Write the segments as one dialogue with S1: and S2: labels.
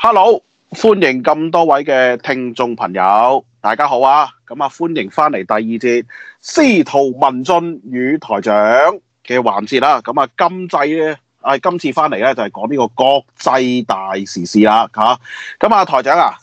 S1: hello，歡迎咁多位嘅聽眾朋友，大家好啊，咁啊歡迎翻嚟第二節司徒文進與台長嘅環節啦，咁啊今次咧，啊今次翻嚟咧就係講呢個國際大時事啦吓，咁啊台長啊，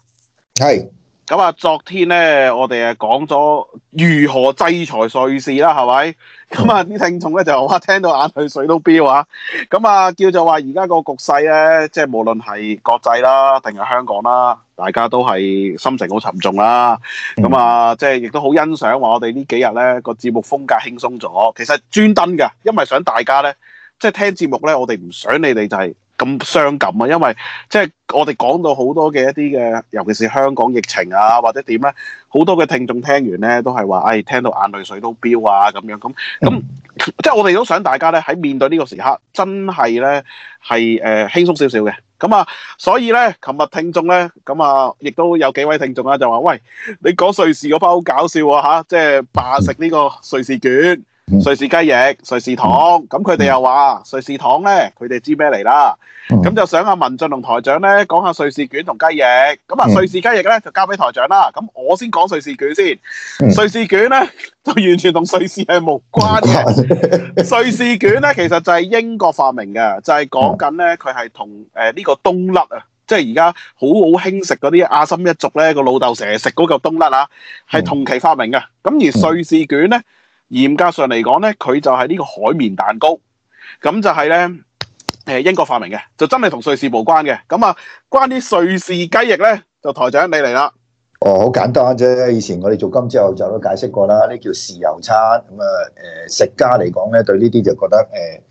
S1: 係。咁啊，昨天咧，我哋啊講咗如何制裁瑞士啦，係咪？咁啊，啲聽眾咧就哇聽到眼淚水都飆啊！咁啊，叫做話而家個局勢咧，即係無論係國際啦，定係香港啦，大家都係心情好沉重啦。咁啊，即係亦都好欣賞話我哋呢幾日咧個節目風格輕鬆咗。其實專登㗎，因為想大家咧即係聽節目咧，我哋唔想你哋就係、是。咁傷感啊，因為即係我哋講到好多嘅一啲嘅，尤其是香港疫情啊，或者點咧，好多嘅聽眾聽完咧都係話，唉，聽到眼淚水都飆啊，咁樣咁咁，即係我哋都想大家咧喺面對呢個時刻，真係咧係誒輕鬆少少嘅。咁啊，所以咧，琴日聽眾咧，咁啊，亦都有幾位聽眾啊，就話喂，你講瑞士嗰包好搞笑啊嚇，即係霸食呢個瑞士卷。瑞士雞翼、瑞士糖，咁佢哋又話瑞士糖咧，佢哋知咩嚟啦？咁就想阿文進同台長咧講下瑞士卷同雞翼，咁啊瑞士雞翼咧就交俾台長啦。咁我先講瑞士卷先。瑞士卷咧就完全同瑞士係無關。瑞士卷咧其實就係英國發明嘅，就係講緊咧佢係同誒呢個冬甩啊，即係而家好好興食嗰啲阿森一族咧個老豆成日食嗰嚿冬甩啊，係同期發明嘅。咁而瑞士卷咧。嚴格上嚟講咧，佢就係呢個海綿蛋糕，咁就係咧，誒英國發明嘅，就真係同瑞士無關嘅。咁啊，關於瑞士雞翼咧，就台長你嚟啦。
S2: 哦，好簡單啫，以前我哋做金之後就都解釋過啦，呢叫豉油餐，咁、嗯、啊，誒、呃、食家嚟講咧，對呢啲就覺得誒、呃，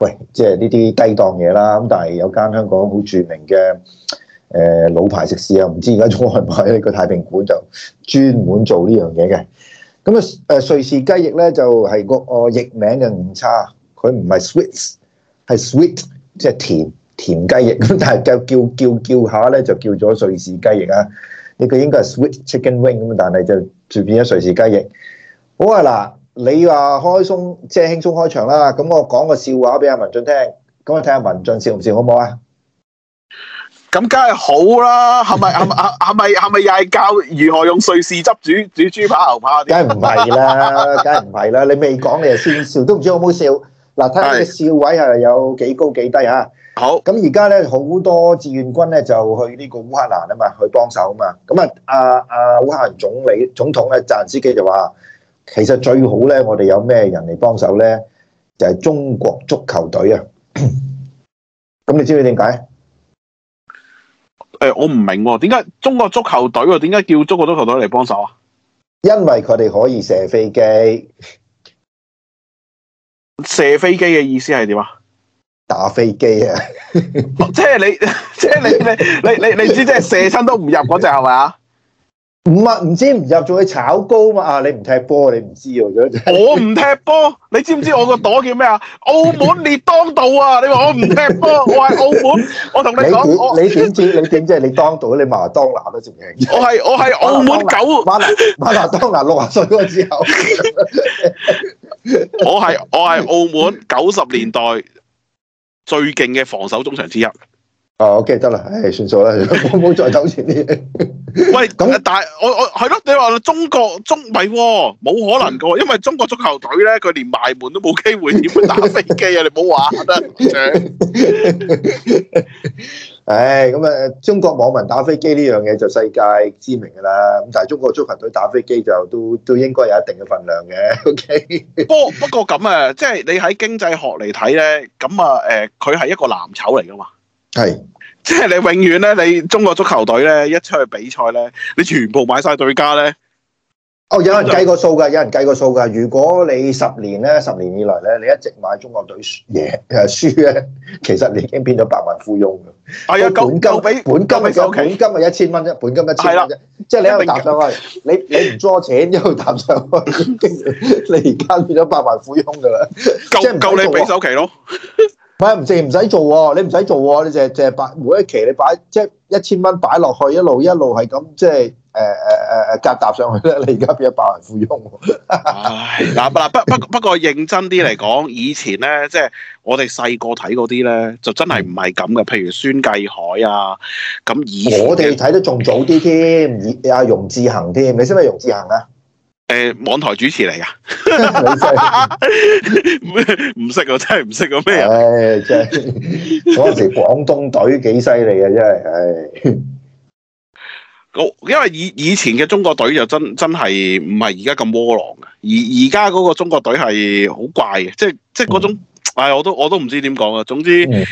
S2: 喂，即係呢啲低檔嘢啦。咁但係有間香港好著名嘅誒、呃、老牌食肆啊，唔知而家仲開唔開咧？個太平館就專門做呢樣嘢嘅。咁啊，誒瑞士雞翼咧就係、是、個個譯名嘅誤差，佢唔係 Swiss 係 sweet，即係甜甜雞翼咁， 但係叫叫叫叫下咧就叫咗瑞士雞翼啊！呢、這個應該係 sweet chicken wing 咁，但係就變咗瑞士雞翼。好啊，嗱，你話開鬆即係輕鬆開場啦，咁我講個笑話俾阿文進聽，咁我睇下文進笑唔笑好唔好啊？
S1: 咁梗係好啦，係咪係咪係咪係咪又係教如何用瑞士汁煮煮豬扒牛扒？梗係唔係
S2: 啦，梗係唔係啦！你未講你又先笑，笑，都唔知我好唔好笑。嗱，睇下啲笑位係有幾高幾低嚇、啊。好。咁而家咧好多志願軍咧就去呢個烏克蘭啊嘛，去幫手啊嘛。咁、嗯、啊，阿阿烏克蘭總理總統咧，澤林斯基就話：其實最好咧，我哋有咩人嚟幫手咧，就係、是、中
S1: 國足球隊啊。咁 你知唔知點解？誒、欸,我唔明點解、啊、中國足球隊點解叫中國足球隊嚟幫手啊？
S2: 因為佢哋可以射飛機。
S1: 射飛機嘅意思係點啊？
S2: 打飛機啊！ 哦、即係你，
S1: 即係你，你，你，你，你知即係射親都唔入嗰隻，係咪啊？唔係唔知唔入，仲去炒高嘛？啊，你唔踢波，你唔知、啊就是、我唔踢波， 你知唔知我個朵叫咩啊？澳門列當道啊！你話我唔踢波， 我係澳門。 我同你講，你點
S2: 知？你點即係你當道？你馬當拿都正唔正？
S1: 我係我係澳門九，馬達馬當拿六十歲之後，我係我係澳門九十年代最勁嘅防守中場之一。
S2: 我 o 得啦，唉，算數啦，唔好 再賭錢啲嘢 。
S1: 喂，咁樣但係我我係咯，你話中國中咪冇可能噶，因為中國足球隊咧，佢連賣門都冇機會，點會打飛機啊？ 你唔好話得。
S2: 唉，咁、嗯、啊，中國網民打飛機呢樣嘢就世界知名噶啦，咁但係中國足球隊打飛機就
S1: 都都應該有一定嘅份量嘅。OK，不不過咁啊，即係你喺經濟學嚟睇咧，咁啊，誒、嗯，佢、呃、係、呃、一個藍籌嚟噶嘛。係，即係你永遠咧，你中國足球隊咧一出去比賽咧，你全部買晒對家咧，
S2: 哦，有人計過數噶，有人計過數噶。如果你十年咧，十年以來咧，你一直買中國隊嘢誒輸咧，其實你已經變咗百萬富翁噶。哎呀，夠唔夠俾本金咪夠，本金咪一千蚊啫，本金一千蚊即係你喺度搭上去，你你唔做錢一路搭上去，你而家變咗百萬富翁噶啦，
S1: 夠夠你俾首期咯。
S2: 唔唔剩唔使做喎、哦，你唔使做喎、哦，你淨係淨係擺每一期你擺即係一千蚊擺落去，一路一路係咁即係誒誒誒誒夾搭上去咧，你而家變咗百萬富翁。
S1: 唉，嗱嗱不不不，不過認真啲嚟講，以前咧即係我哋細個睇嗰啲咧，就真係唔係咁嘅。譬如孫繼海啊，咁以前我哋
S2: 睇得仲早啲添，以、啊、阿容志行添，你識唔識容志行啊？
S1: 誒，網台主持嚟噶，唔識喎，
S2: 真係唔識個咩人。誒，即係嗰陣時廣東隊幾犀利啊！真係，
S1: 唉，因為以以前嘅中國隊就真真係唔係而家咁窩囊，而而家嗰個中國隊係好怪嘅，即係即係嗰種，哎，我都我都唔知點講啊，總之。嗯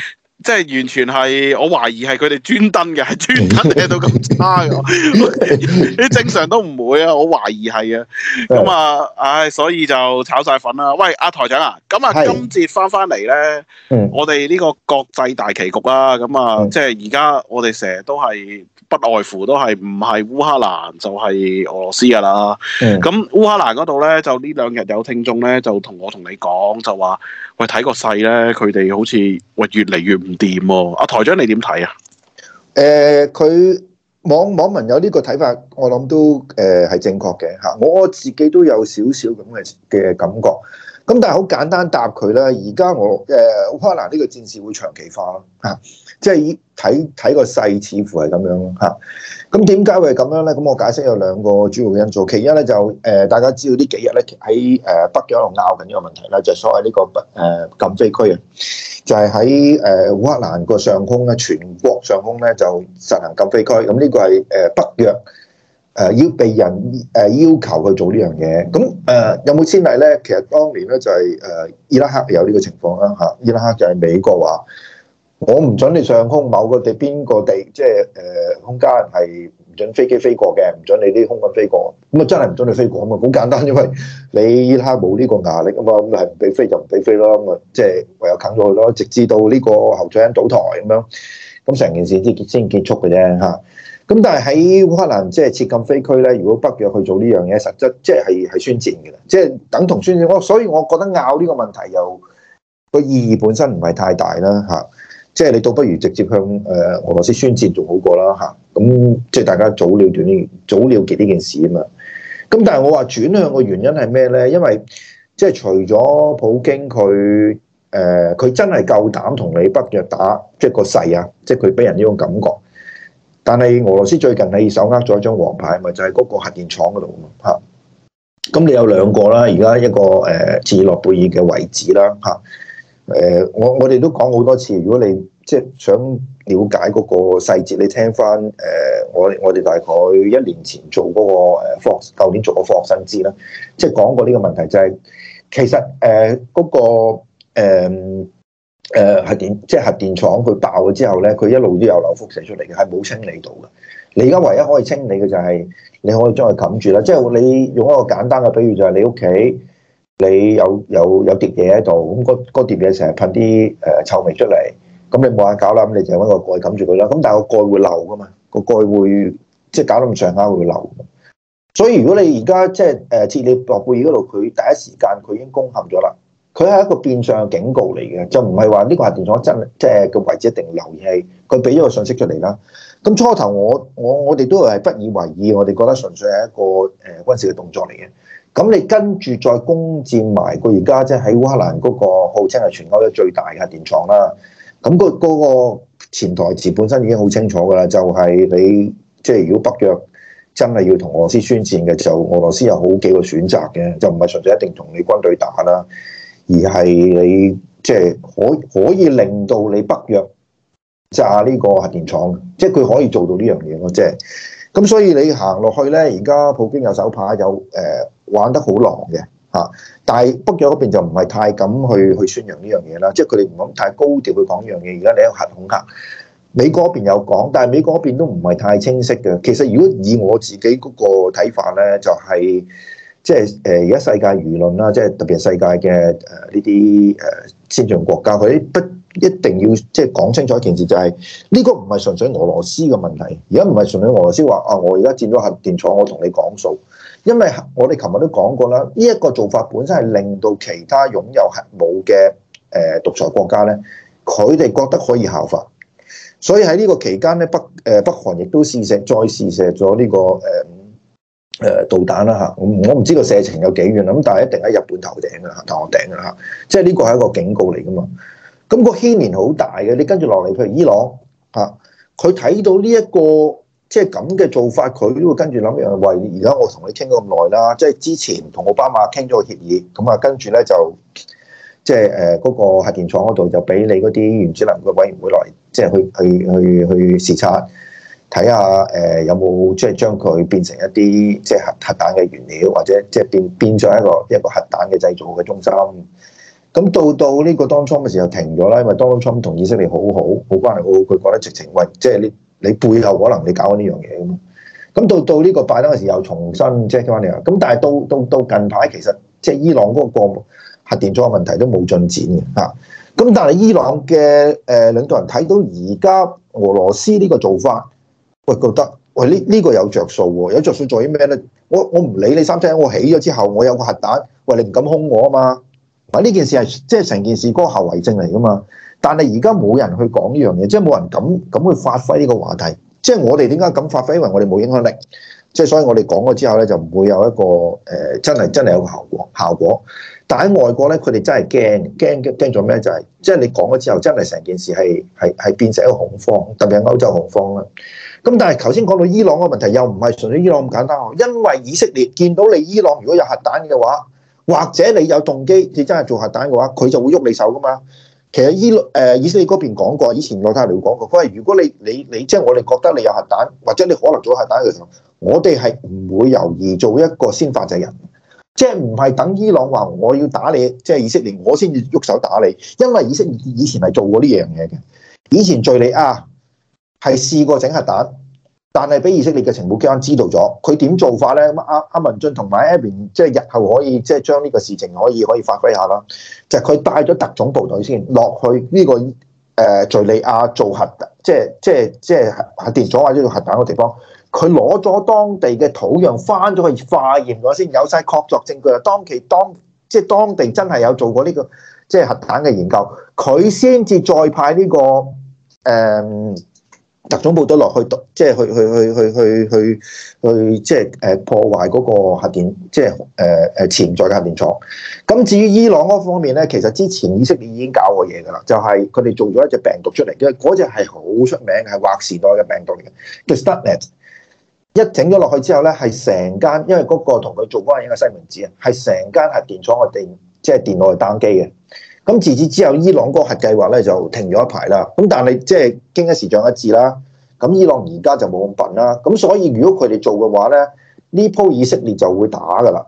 S1: 即係完全係，我懷疑係佢哋專登嘅，係專登聽到咁差嘅。你 正常都唔會啊，我懷疑係啊。咁啊，唉對、哎，所以就炒晒粉啦。喂，阿台長啊，咁啊，今節翻翻嚟咧，我哋呢個國際大棋局啊，咁啊、嗯，即係而家我哋成日都係不外乎都係唔係烏克蘭就係、是、俄羅斯噶啦。咁、嗯、烏克蘭嗰度咧就呢兩日有聽眾咧就同我同你講就話。喂，睇個勢咧，佢哋好似喂越嚟越唔掂喎。阿台長，你點睇啊？誒，
S2: 佢網網民有呢個睇法，我諗都誒係正確嘅嚇。我自己都有少少咁嘅嘅感覺。咁但係好簡單答佢啦。而家我誒好可能呢個戰事會長期化咯嚇。啊。即係睇睇個勢，似乎係咁樣咯嚇、啊。咁點解會係咁樣咧？咁我解釋有兩個主要因素。其一咧就誒、呃，大家知道幾呢幾日咧喺誒北約度拗緊呢個問題啦，就係、是、所謂呢、這個誒、呃、禁飛區啊，就係喺誒烏克蘭個上空咧，全國上空咧就實行禁飛區。咁呢個係誒北約誒要被人誒要求去做、呃、有有呢樣嘢。咁誒有冇先例咧？其實當年咧就係、是、誒、呃、伊拉克有呢個情況啦嚇、啊。伊拉克就係美國話。我唔准你上空某個地邊個地，即係誒空間係唔准飛機飛過嘅，唔准你啲空軍飛過。咁啊，真係唔准你飛過啊嘛，好簡單，因為你依家冇呢個壓力啊嘛，咁係唔俾飛就唔俾飛咯。咁啊，即係唯有砍咗佢咯，直至到呢個侯賽因倒台咁樣，咁成件事先先結束嘅啫嚇。咁但係喺烏克蘭即係設禁飛區咧，如果北約去做呢樣嘢，實質即係係宣戰嘅啦，即係等同宣戰。所以我覺得拗呢個問題又個意義本身唔係太大啦嚇。即係你倒不如直接向誒俄羅斯宣戰仲好過啦嚇，咁、啊、即係大家早了斷呢早了結呢件事啊嘛。咁但係我話轉向嘅原因係咩咧？因為即係除咗普京佢誒佢真係夠膽同你北約打，即係個勢啊，即係佢俾人呢種感覺。但係俄羅斯最近係手握咗一張王牌咪，就係、是、嗰個核電廠嗰度啊嘛。咁你有兩個啦，而家一個誒、呃、切爾諾貝爾嘅位置啦嚇。啊誒、uh,，我我哋都講好多次。如果你即係、就是、想了解嗰個細節，你聽翻誒、uh,，我我哋大概一年前做嗰、那個誒科學，舊、uh, 年做個科學新知啦，即係講過呢個問題就係、是、其實誒嗰、uh, 那個誒誒核電即係核電廠佢爆咗之後咧，佢一路都有流輻射出嚟嘅，係冇清理到嘅。你而家唯一可以清理嘅就係、是、你可以將佢冚住啦。即係你用一個簡單嘅比喻就係、是、你屋企。你有有有碟嘢喺度，咁嗰嗰碟嘢成日噴啲誒臭味出嚟，咁你冇眼搞啦，咁你就揾個蓋冚住佢啦。咁但係個蓋會漏噶嘛，個蓋會即係搞到咁上下會漏。所以如果你而家即係誒設你落貝爾嗰度，佢第一時間佢已經攻陷咗啦，佢係一個變相嘅警告嚟嘅，就唔係話呢個係電廠真即係個位置一定漏氣，佢俾咗個信息出嚟啦。咁初頭我我我哋都係不以為意，我哋覺得純粹係一個誒軍事嘅動作嚟嘅。咁你跟住再攻佔埋個而家即係喺烏克蘭嗰個號稱係全歐洲最大嘅核電廠啦。咁個嗰個潛台詞本身已經好清楚噶啦，就係、是、你即係、就是、如果北約真係要同俄羅斯宣戰嘅，時候，俄羅斯有好幾個選擇嘅，就唔係純粹一定同你軍隊打啦，而係你即係、就是、可以可以令到你北約炸呢個核電廠，即係佢可以做到呢樣嘢咯。即係咁，所以你行落去咧，而家普京有手牌有誒。呃玩得好狼嘅吓，但係北約嗰邊就唔係太敢去去宣揚呢樣嘢啦，即係佢哋唔敢太高調去講呢樣嘢。而家你有核恐嚇，美國嗰邊有講，但係美國嗰邊都唔係太清晰嘅。其實如果以我自己嗰個睇法咧，就係即係誒而家世界輿論啦，即係特別係世界嘅誒呢啲誒先進國家，佢不一定要即係講清楚一件事，就係呢個唔係純粹俄羅斯嘅問題。而家唔係純粹俄羅斯話啊，我而家佔咗核電廠，我同你講數。因為我哋琴日都講過啦，呢一個做法本身係令到其他擁有核武嘅誒獨裁國家咧，佢哋覺得可以效法。所以喺呢個期間咧，北誒北韓亦都試射再試射咗呢個誒誒導彈啦嚇。我唔知個射程有幾遠啦嚇，咁但係一定喺日本頭頂嘅嚇，頭殼頂嘅嚇。即係呢個係一個警告嚟㗎嘛。咁個牽連好大嘅，你跟住落嚟，譬如伊朗嚇，佢睇到呢一個。即係咁嘅做法，佢都會跟住諗樣。喂，而家我同你傾咗咁耐啦，即係之前同奧巴馬傾咗個協議，咁啊跟住咧就，即係誒嗰個核電廠嗰度就俾你嗰啲原子能嘅委員會來，即、就、係、是、去去去去視察，睇下誒有冇即係將佢變成一啲即係核核彈嘅原料，或者即係變變咗一個一個核彈嘅製造嘅中心。咁到到呢個 d 初嘅時候停咗啦，因為 d 初同以色列好好，好關係好好，佢覺得直情喂，即、就、係、是、你。你背後可能你搞緊呢樣嘢咁，咁到到呢個拜登嘅時候重新 check 咁，但係到到到近排其實即係伊朗嗰個核電站問題都冇進展嘅嚇。咁、啊、但係伊朗嘅誒領導人睇到而家俄羅斯呢個做法，喂、哎、覺得喂呢呢個有着數喎，有着數在於咩咧？我我唔理你三七，我起咗之後我有個核彈，喂、哎、你唔敢兇我啊嘛。同、哎、呢件事係即係成件事嗰個後遺症嚟噶嘛。但係而家冇人去講呢樣嘢，即係冇人敢敢去發揮呢個話題。即係我哋點解咁發揮？因為我哋冇影響力。即係所以，我哋講咗之後咧，就唔會有一個誒、呃、真係真係有一個效果效果。但喺外國咧，佢哋真係驚驚驚咗咩就係、是、即係你講咗之後，真係成件事係係係變成一個恐慌，特別係歐洲恐慌啦。咁但係頭先講到伊朗個問題，又唔係純粹伊朗咁簡單。因為以色列見到你伊朗如果有核彈嘅話，或者你有動機，你真係做核彈嘅話，佢就會喐你手噶嘛。其實伊朗、以色列嗰邊講過，以前老太爺講過，佢話如果你、你、你即係我哋覺得你有核彈，或者你可能做核彈嘅時候，我哋係唔會猶豫做一個先發制人，即係唔係等伊朗話我要打你，即係以色列，我先至喐手打你，因為以色列以前係做過呢樣嘢嘅，以前敍利亞係試過整核彈。但係俾以色列嘅情報機關知道咗，佢點做法咧？咁阿阿文進同埋 Abin 即係日後可以即係將呢個事情可以可以發揮下啦。就係佢帶咗特種部隊先落去呢、這個誒敘、呃、利亞做核，即係即係即係係電站，或者做核彈嘅地方。佢攞咗當地嘅土壤翻咗去化驗咗先，有晒確鑿證據啦。當其當即係、就是、當地真係有做過呢、這個即係、就是、核彈嘅研究，佢先至再派呢、這個誒。呃特種部隊落去讀，即係去去去去去去，即係誒破壞嗰個核電，即係誒誒潛在嘅核電廠。咁至於伊朗嗰方面咧，其實之前以色列已經搞過嘢噶啦，就係佢哋做咗一隻病毒出嚟，嘅嗰隻係好出名，係劃時代嘅病毒嚟嘅，叫 Stuxnet 一整咗落去之後咧，係成間，因為嗰個同佢做嗰樣嘢嘅西門子啊，係成間核電廠嘅電，即係電腦嘅單機嘅。咁自此之後，伊朗嗰個核計劃咧就停咗一排啦。咁但係即係經一時，長一智啦。咁伊朗而家就冇咁笨啦。咁所以如果佢哋做嘅話咧，呢鋪以色列就會打噶啦。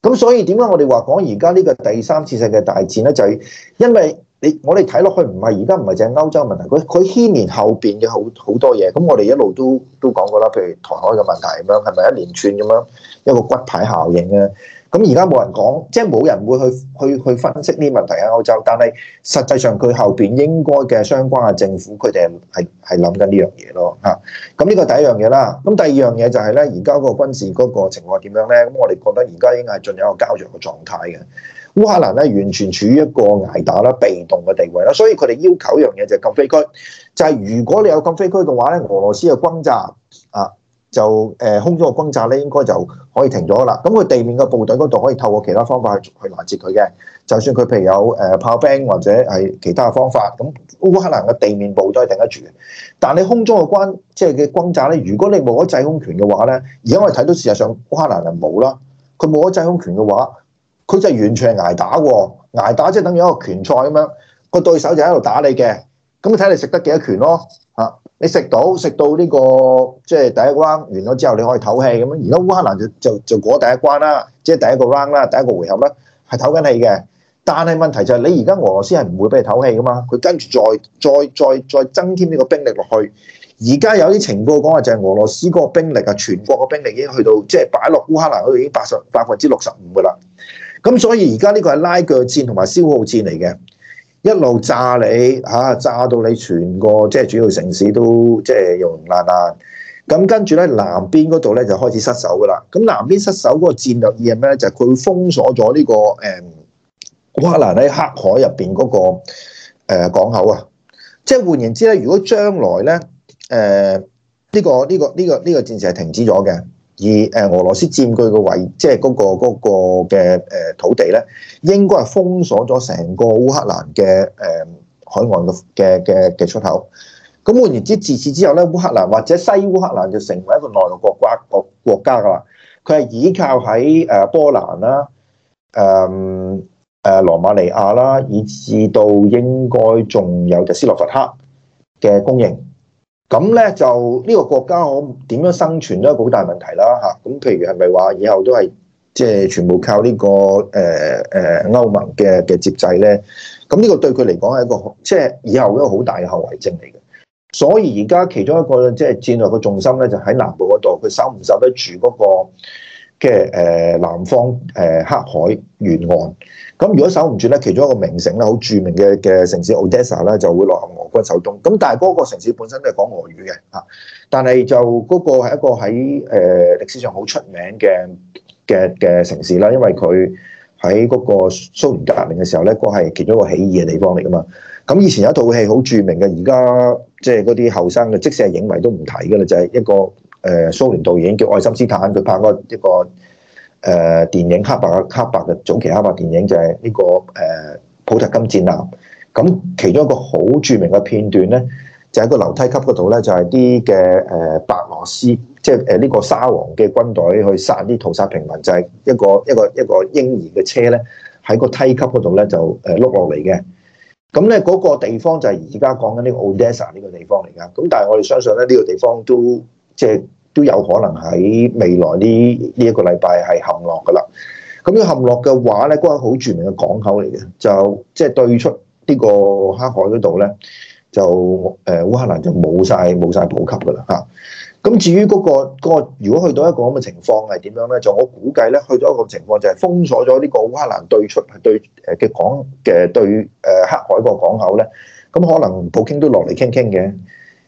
S2: 咁所以點解我哋話講而家呢個第三次世界大戰咧，就係、是、因為你我哋睇落去唔係而家唔係淨係歐洲問題，佢佢牽連後邊嘅好好多嘢。咁我哋一路都都講過啦，譬如台海嘅問題咁樣，係咪一連串咁樣一個骨牌效應啊？咁而家冇人講，即係冇人會去去去分析呢啲問題喺歐洲。但係實際上佢後邊應該嘅相關嘅政府，佢哋係係諗緊呢樣嘢咯嚇。咁、啊、呢、嗯這個第一樣嘢啦。咁、啊、第二樣嘢就係咧，而家嗰個軍事嗰個情況點樣咧？咁、嗯、我哋覺得而家已經係進入一個膠著嘅狀態嘅。烏克蘭咧完全處於一個挨打啦、被動嘅地位啦，所以佢哋要求一樣嘢就係禁飛區，就係、是、如果你有禁飛區嘅話咧，俄羅斯嘅轟炸啊，就誒、呃、空中嘅轟炸咧，應該就可以停咗啦。咁、嗯、佢地面嘅部隊嗰度可以透過其他方法去去攔截佢嘅。就算佢譬如有誒炮兵或者係其他嘅方法，咁、嗯、烏克蘭嘅地面部都係頂得住嘅。但你空中嘅轟即係嘅轟炸咧，如果你冇咗制空權嘅話咧，而家我哋睇到事實上烏克蘭人冇啦，佢冇咗制空權嘅話，佢就係完全捱打喎！捱打即係等於一個拳賽咁樣，個對手就喺度打你嘅，咁睇你食得幾多拳咯。你食到食到呢個即係第一關完咗之後，你可以唞氣咁樣。而家烏克蘭就就就過第一關啦，即係第一個 round 啦，第一個回合啦，係唞緊氣嘅。但係問題就係你而家俄羅斯係唔會俾你唞氣噶嘛？佢跟住再再再再增添呢個兵力落去。而家有啲情報講話就係俄羅斯嗰個兵力啊，全國個兵力已經去到即係擺落烏克蘭嗰度已經八十百分之六十五噶啦。咁所以而家呢個係拉鋸戰同埋消耗戰嚟嘅。一路炸你嚇、啊，炸到你全個即係主要城市都即係融融爛爛。咁跟住咧，南邊嗰度咧就開始失守噶啦。咁南邊失守嗰個戰略意係咩咧？就係、是、佢封鎖咗呢、這個誒，烏克蘭喺黑海入邊嗰個、呃、港口啊。即係換言之咧，如果將來咧誒呢、呃這個呢、這個呢、這個呢、這個戰事係停止咗嘅。而誒俄羅斯佔據嘅位，即係嗰、那個嗰、那個嘅誒土地咧，應該係封鎖咗成個烏克蘭嘅誒、呃、海岸嘅嘅嘅出口。咁換言之，自此之後咧，烏克蘭或者西烏克蘭就成為一個內陸國家國國家噶啦。佢係依靠喺誒波蘭啦、啊、誒、嗯、誒羅馬尼亞啦、啊，以至到應該仲有斯洛伐克嘅供應。咁咧就呢個國家，我點樣生存都係好大問題啦嚇。咁譬如係咪話以後都係即係全部靠呢個誒誒歐盟嘅嘅接濟咧？咁呢個對佢嚟講係一個即係、就是、以後一個好大嘅後遺症嚟嘅。所以而家其中一個即係戰略嘅重心咧，就喺、是、南部嗰度，佢守唔守得住嗰個嘅誒南方誒黑海沿岸？咁如果守唔住咧，其中一個名城咧，好著名嘅嘅城市 Odessa 咧，就會落入哥首，咁但係嗰個城市本身都係講俄語嘅嚇，但係就嗰個係一個喺誒歷史上好出名嘅嘅嘅城市啦，因為佢喺嗰個蘇聯革命嘅時候咧，個係其中一個起義嘅地方嚟噶嘛。咁以前有一套戲好著名嘅，而家即係嗰啲後生嘅即使係影迷都唔睇噶啦，就係一個誒蘇聯導演叫愛心斯坦，佢拍過一個誒電影黑白嘅黑白嘅早期黑白電影就係呢個誒普特金戰艦。咁其中一個好著名嘅片段咧，就喺個樓梯級嗰度咧，就係啲嘅誒白俄斯，即係誒呢個沙皇嘅軍隊去殺啲屠殺平民，就係一個一個一個嬰兒嘅車咧喺個梯級嗰度咧就誒碌落嚟嘅。咁咧嗰個地方就係而家講緊呢個 Odessa 呢個地方嚟㗎。咁但係我哋相信咧呢個地方都即係都有可能喺未來呢呢一個禮拜係陷落㗎啦。咁要陷落嘅話咧，嗰個好著名嘅港口嚟嘅，就即係對出。呢個黑海嗰度咧，就誒烏克蘭就冇晒冇曬補給噶啦嚇。咁至於嗰個嗰個如果去到一個咁嘅情況係點樣咧？就我估計咧，去到一個情況就係封鎖咗呢個烏克蘭對出對誒嘅港嘅對誒黑海個港口咧。咁可能普京都落嚟傾傾嘅。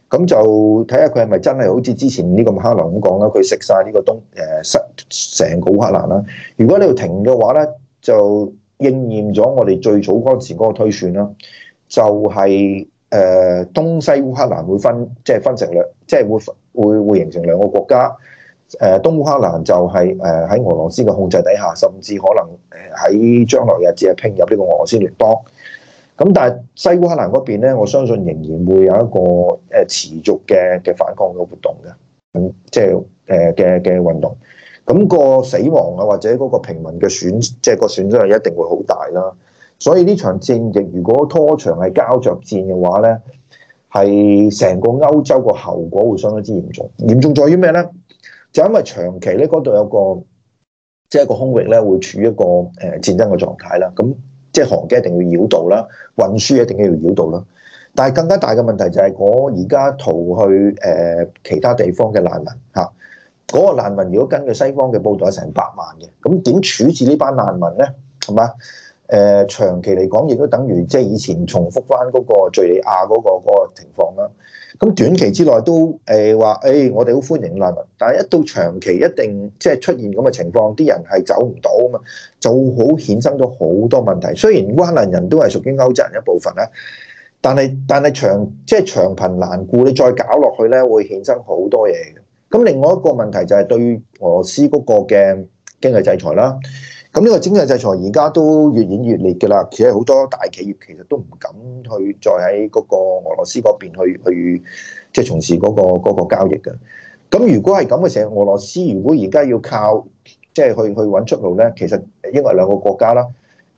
S2: 咁就睇下佢係咪真係好似之前呢個哈林咁講啦，佢食晒呢個東誒成個烏克蘭啦。如果你要停嘅話咧，就。應驗咗我哋最早嗰時嗰個推算啦，就係誒東西烏克蘭會分，即係分成兩，即係會會會形成兩個國家。誒東烏克蘭就係誒喺俄羅斯嘅控制底下，甚至可能誒喺將來日子係拼入呢個俄羅斯聯邦。咁但係西烏克蘭嗰邊咧，我相信仍然會有一個誒持續嘅嘅反抗嘅活動嘅，即係誒嘅嘅運動。咁個死亡啊，或者嗰個平民嘅損，即係個損失係一定會好大啦。所以呢場戰役如果拖長係膠着戰嘅話咧，係成個歐洲個後果會相當之嚴重。嚴重在於咩咧？就因為長期咧嗰度有個即係、就是、一個空域咧，會處一個誒戰爭嘅狀態啦。咁即係航機一定要繞道啦，運輸一定要繞道啦。但係更加大嘅問題就係我而家逃去誒其他地方嘅難民嚇。嗰個難民如果根據西方嘅報道成百萬嘅，咁點處置呢班難民呢？係嘛？誒、呃、長期嚟講，亦都等於即係以前重複翻嗰個敍利亞嗰、嗰個嗰個情況啦。咁短期之內都誒話，誒、欸欸、我哋好歡迎難民，但係一到長期一定即係、就是、出現咁嘅情況，啲人係走唔到啊嘛，就好衍生咗好多問題。雖然烏克蘭人都係屬於歐洲人一部分咧，但係但係長即係、就是、長貧難顧，你再搞落去咧，會衍生好多嘢。咁另外一個問題就係對俄羅斯嗰個嘅經濟制裁啦。咁呢個經濟制裁而家都越演越烈嘅啦。其實好多大企業其實都唔敢去再喺嗰個俄羅斯嗰邊去去即係從事嗰個嗰個交易嘅。咁如果係咁嘅時候，俄羅斯如果而家要靠即係去去揾出路咧，其實因為兩個國家啦，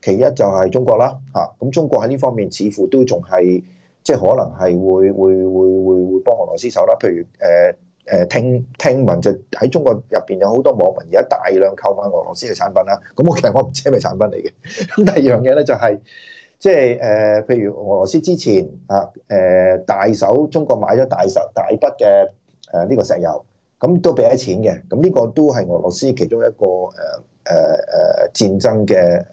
S2: 其一就係中國啦，吓，咁中國喺呢方面似乎都仲係即係可能係會會會會會幫俄羅斯手啦。譬如誒。呃誒聽聽聞就喺中國入邊有好多網民而家大量購買俄羅斯嘅產品啦，咁我其實我唔知咩產品嚟嘅。 第二樣嘢咧就係、是，即係誒，譬、呃、如俄羅斯之前啊，誒、呃、大手中國買咗大手大筆嘅誒呢個石油，咁、嗯、都俾咗錢嘅，咁、嗯、呢、這個都係俄羅斯其中一個誒誒誒戰爭嘅誒誒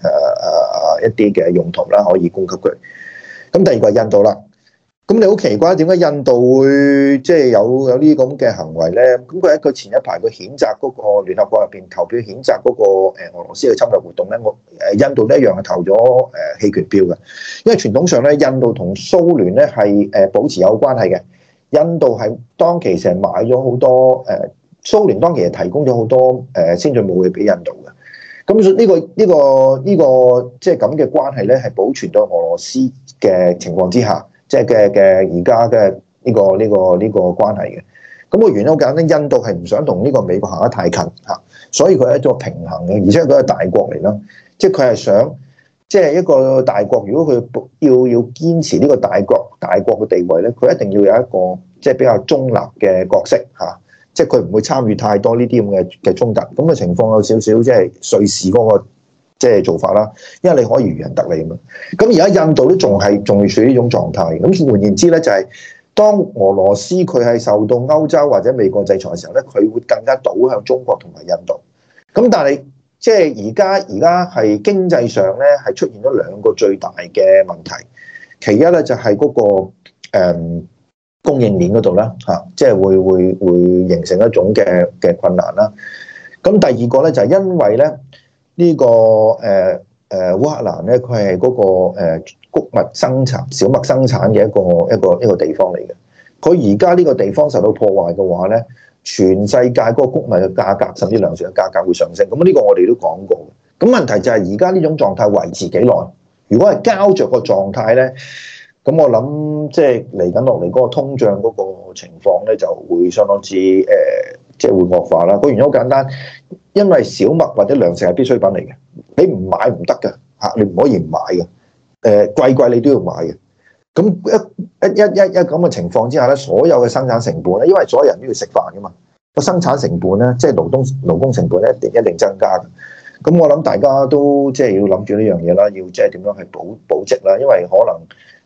S2: 一啲嘅用途啦，可以供給佢。咁、嗯、第二個印度啦。咁你好奇怪點解印度會即係有有啲咁嘅行為咧？咁佢喺佢前一排佢譴責嗰個聯合國入邊投票譴責嗰個俄羅斯嘅侵略活動咧，我誒印度都一樣係投咗誒棄權票嘅。因為傳統上咧，印度同蘇聯咧係誒保持有關係嘅。印度係當其時係買咗好多誒蘇聯當其時提供咗好多誒先進武器俾印度嘅。咁呢個呢個呢個即係咁嘅關係咧，係保存到俄羅斯嘅情況之下。即係嘅嘅而家嘅呢個呢個呢個關係嘅，咁個原因好簡單，印度係唔想同呢個美國行得太近嚇，所以佢係一個平衡嘅，而且佢係大國嚟咯，即係佢係想，即係一個大國，如果佢要要堅持呢個大國大國嘅地位咧，佢一定要有一個即係比較中立嘅角色嚇，即係佢唔會參與太多呢啲咁嘅嘅衝突，咁嘅情況有少少即係瑞士嗰個。即係做法啦，因為你可以漁人得利嘛。咁而家印度都仲係仲係處於呢種狀態。咁換言之咧，就係、是、當俄羅斯佢係受到歐洲或者美國制裁嘅時候咧，佢會更加倒向中國同埋印度。咁但係即係而家而家係經濟上咧係出現咗兩個最大嘅問題。其一咧就係、是、嗰、那個誒、嗯、供應鏈嗰度啦，吓即係會會會形成一種嘅嘅困難啦。咁第二個咧就係、是、因為咧。呢、這個誒誒烏克蘭咧，佢係嗰個、呃、谷物生產、小麥生產嘅一個一個一個地方嚟嘅。佢而家呢個地方受到破壞嘅話咧，全世界嗰個穀物嘅價格，甚至糧食嘅價格會上升。咁、這、呢個我哋都講過。咁問題就係而家呢種狀態維持幾耐？如果係膠着個狀態咧，咁我諗即係嚟緊落嚟嗰個通脹嗰個情況咧，就會相當之誒，即、呃、係、就是、會惡化啦。個原因好簡單。因為小麥或者糧食係必需品嚟嘅，你唔買唔得噶吓，你唔可以唔買嘅。誒、呃，貴貴你都要買嘅。咁一一一一一咁嘅情況之下咧，所有嘅生產成本咧，因為所有人都要食飯噶嘛，個生產成本咧，即係勞工勞工成本咧，一定一定增加嘅。咁我諗大家都即係要諗住呢樣嘢啦，要即係點樣去保保值啦，因為可能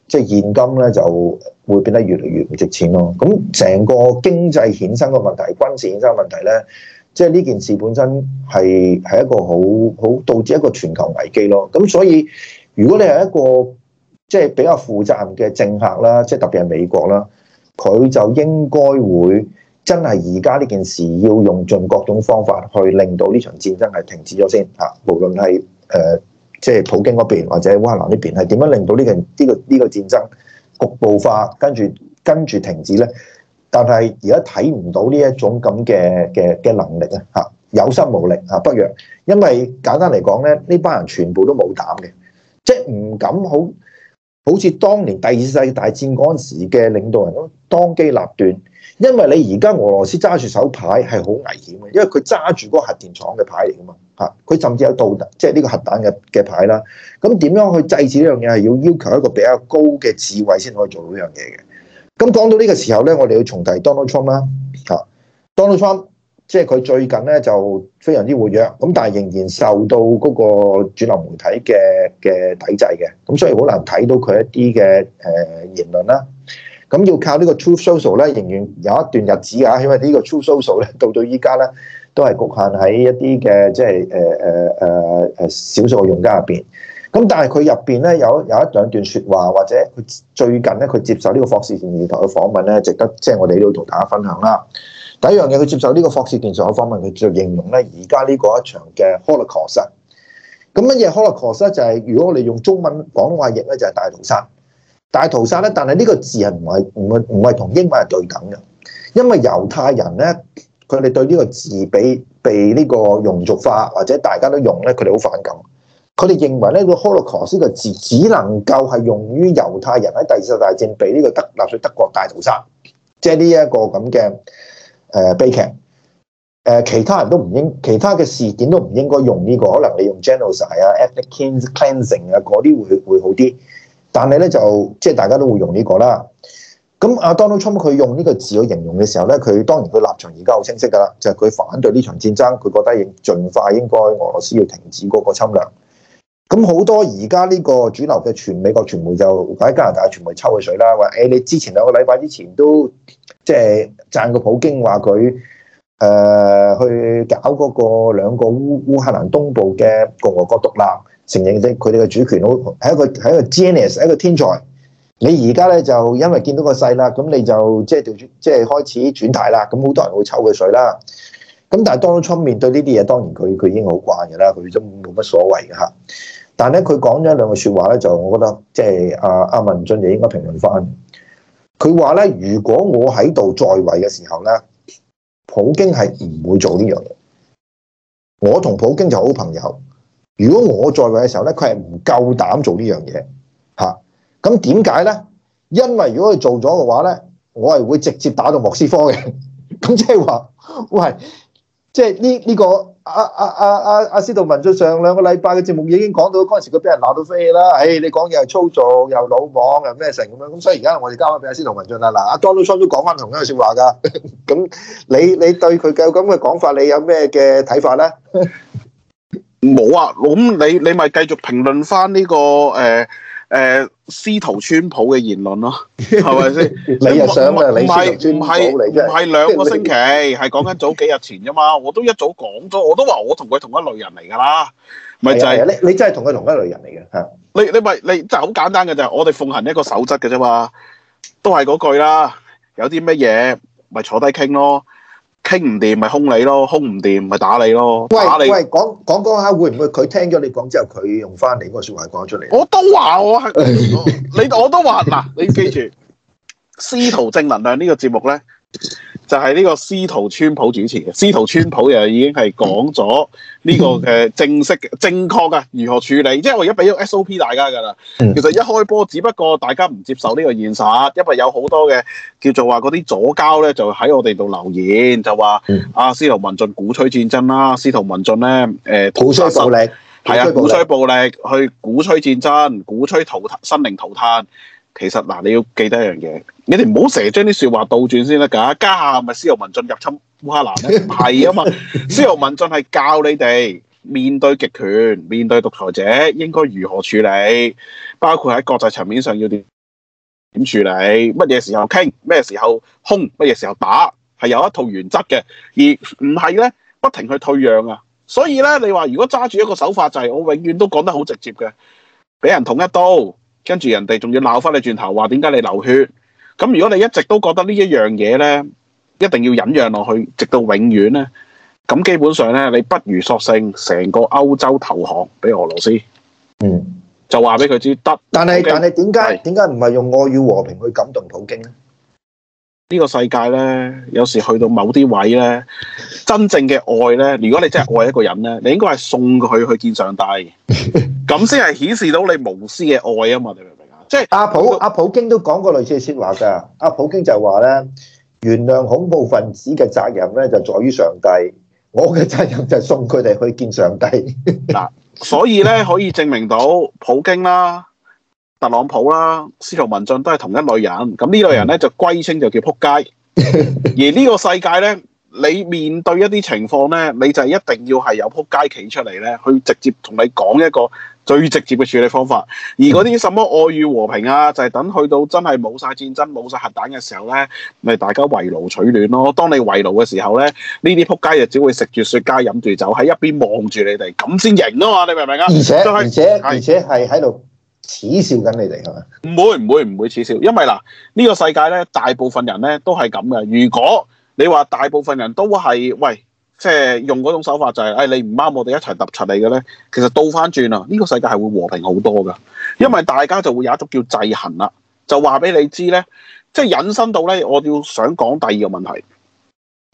S2: 即係現金咧就會變得越嚟越唔值錢咯。咁成個經濟衍生嘅問題，軍事衍生嘅問題咧。即係呢件事本身係係一個好好導致一個全球危機咯。咁所以如果你係一個即係比較負責任嘅政客啦，即係特別係美國啦，佢就應該會真係而家呢件事要用盡各種方法去令到呢場戰爭係停止咗先吓，無論係誒即係普京嗰邊或者烏克蘭呢邊係點樣令到呢個呢個呢個戰爭局部化，跟住跟住停止咧？但係而家睇唔到呢一種咁嘅嘅嘅能力啊！嚇有心無力啊，不弱。因為簡單嚟講咧，呢班人全部都冇膽嘅，即係唔敢好好似當年第二次大戰嗰陣時嘅領導人咁當機立斷。因為你而家俄羅斯揸住手牌係好危險嘅，因為佢揸住嗰個核電廠嘅牌嚟㗎嘛，嚇，佢甚至有導彈，即係呢個核彈嘅嘅牌啦。咁點樣去制止呢樣嘢係要要求一個比較高嘅智慧先可以做到呢樣嘢嘅。咁講到呢個時候咧，我哋要重提 Donald Trump 啦嚇。Donald Trump 即係佢最近咧就非常之活躍，咁但係仍然受到嗰個主流媒體嘅嘅抵制嘅，咁所以好難睇到佢一啲嘅誒言論啦。咁要靠呢個 Truth Social 咧，仍然有一段日子啊，因為呢個 Truth Social 咧到到依家咧都係局限喺一啲嘅即係誒誒誒誒少數用家入邊。咁但係佢入邊咧有有一兩段説話，或者佢最近咧佢接受呢個霍士電視台嘅訪問咧，值得即係我哋都同大家分享啦。第一樣嘢，佢接受呢個霍士電視台訪問，佢就形容咧而家呢個一場嘅 Holocaust。咁乜嘢 Holocaust 咧？就係如果我哋用中文廣東話譯咧，就係大屠殺。大屠殺咧，但係呢個字係唔係唔係唔係同英文係對等嘅，因為猶太人咧，佢哋對呢個字俾被呢個庸俗化或者大家都用咧，佢哋好反感。佢哋認為呢個 Holocaust 呢個字只能夠係用於猶太人喺第二次大戰被呢個德納粹德國大屠殺，即係呢一個咁嘅誒悲劇。誒、呃、其他人都唔應，其他嘅事件都唔應該用呢、這個。可能你用 genocide 啊、ethnic cleansing 啊嗰啲會會好啲。但係咧就即係、就是、大家都會用呢個啦。咁阿 Donald Trump 佢用呢個字去形容嘅時候咧，佢當然佢立場而家好清晰㗎啦，就係、是、佢反對呢場戰爭，佢覺得應盡快應該俄羅斯要停止嗰個侵略。咁好多而家呢個主流嘅全美國傳媒就喺加拿大傳媒抽佢水啦，話誒你之前兩個禮拜之前都即係讚過普京話佢誒去搞嗰個兩個烏克蘭東部嘅共和國獨立，承認即佢哋嘅主權，好係一個係一個 genius，一個天才。你而家咧就因為見到個勢啦，咁你就即係轉即係開始轉態啦。咁好多人會抽佢水啦。咁但係當初面對呢啲嘢，當然佢佢已經好慣㗎啦，佢都冇乜所謂嘅嚇。但係咧，佢講咗兩個説話咧，就我覺得即係阿阿文進就應該評論翻。佢話咧，如果我喺度在位嘅時候咧，普京係唔會做呢樣嘢。我同普京就好朋友。如果我在位嘅時候咧，佢係唔夠膽做呢樣嘢嚇。咁點解咧？因為如果佢做咗嘅話咧，我係會直接打到莫斯科嘅。咁即係話，喂，即係呢呢個。阿阿阿阿阿司徒文進上兩個禮拜嘅節目已經講到，嗰陣時佢俾人鬧到飛啦，誒你講嘢又粗糙又老莽又咩成咁樣，咁所以而家我哋交翻俾阿司徒文進啦。嗱，阿 Donald Trump 都講翻同樣嘅説話噶，咁你你對佢嘅咁嘅講法，你有咩嘅睇法咧？
S1: 冇啊，咁你你咪繼續評論翻呢個誒。誒，司徒、呃、川普嘅言論咯，係咪先？ 你又想咪你先？唔係唔係兩個星期，係講緊早幾日前啊嘛！我都一早講咗，我都話我同佢同一類人嚟㗎啦，咪就係你
S2: 你，你真係同佢同一類人嚟
S1: 嘅、嗯、 你你咪你真係好簡單就咋？我哋奉行一個守則嘅啫嘛，都係嗰句啦。有啲乜嘢咪坐低傾咯。傾唔掂咪兇你咯，兇唔掂咪打你咯，喂打你。喂，講
S2: 講講下會唔會佢
S1: 聽咗你講之後，佢用返你嗰個說話講出嚟？我都話我係 你，我都話嗱，你記住， 司徒正能量個節呢個節目咧。就係呢個司徒川普主持嘅，司徒川普又已經係講咗呢個嘅正式 正確嘅如何處理，即係我而家俾咗 SOP 大家㗎啦。其實一開波，只不過大家唔接受呢個現實，因為有好多嘅叫做話嗰啲左膠咧，就喺我哋度留言，就話 啊司徒文進鼓吹戰爭啦，司徒文進咧誒鼓吹暴力，係啊鼓吹暴力去鼓吹戰爭，鼓吹塗炭，生靈塗炭。其實嗱，你要記得一樣嘢，你哋唔好成日將啲說話倒轉先得噶。家下咪司徒文進入侵烏克蘭咧，係啊嘛， 司徒文進係教你哋面對極權、面對獨裁者應該如何處理，包括喺國際層面上要點點處理，乜嘢時候傾，咩時候空，乜嘢時候打，係有一套原則嘅，而唔係咧不停去退讓啊。所以咧，你話如果揸住一個手法就係、是、我永遠都講得好直接嘅，俾人捅一刀。跟住人哋仲要鬧翻你轉頭，話點解你流血？咁如果你一直都覺得呢一樣嘢呢，一定要忍讓落去，直到永遠呢。咁基本上呢，你不如索性成個歐洲投降俾俄羅斯，嗯，就話俾佢知得。但係但係點解點解唔係用愛與和平去感動普京咧？呢個世界咧，有時去到某啲位咧，真正嘅愛咧，如果你真係愛一個人咧，你應該係送佢去見上帝，咁先係顯示到你無私嘅愛啊嘛！你明唔明啊普？即係阿普阿普
S2: 京都講過類似嘅說話噶，阿、啊、普京就話咧，原諒恐怖分子嘅責任咧，就在於上帝，我嘅責任就係送佢哋去見上帝嗱
S1: 啊，所以咧可以證明到普京啦。特朗普啦，司徒文進都係同一類人，咁呢類人咧就歸稱就叫扑街。 而呢個世界咧，你面對一啲情況咧，你就一定要係有扑街企出嚟咧，去直接同你講一個最直接嘅處理方法。而嗰啲什麼愛與和平啊，就係、是、等去到真係冇晒戰爭、冇晒核彈嘅時候咧，咪大家圍爐取暖咯。當你圍爐嘅時候咧，呢啲扑街就只會食住雪茄、飲住酒喺一邊望住你哋，咁先贏啊嘛！你明唔明啊？而且而
S2: 且而且係喺度。恥笑緊
S1: 你哋係嘛？唔會唔會唔會恥笑，因為嗱呢、這個世界咧，大部分人咧都係咁嘅。如果你話大部分人都係喂，即係用嗰種手法就係、是，誒、哎、你唔啱，我哋一齊揼出嚟嘅咧，其實倒翻轉啊，呢、這個世界係會和平好多嘅，因為大家就會有一種叫制衡啦。就話俾你知咧，即係引申到咧，我要想講第二個問題。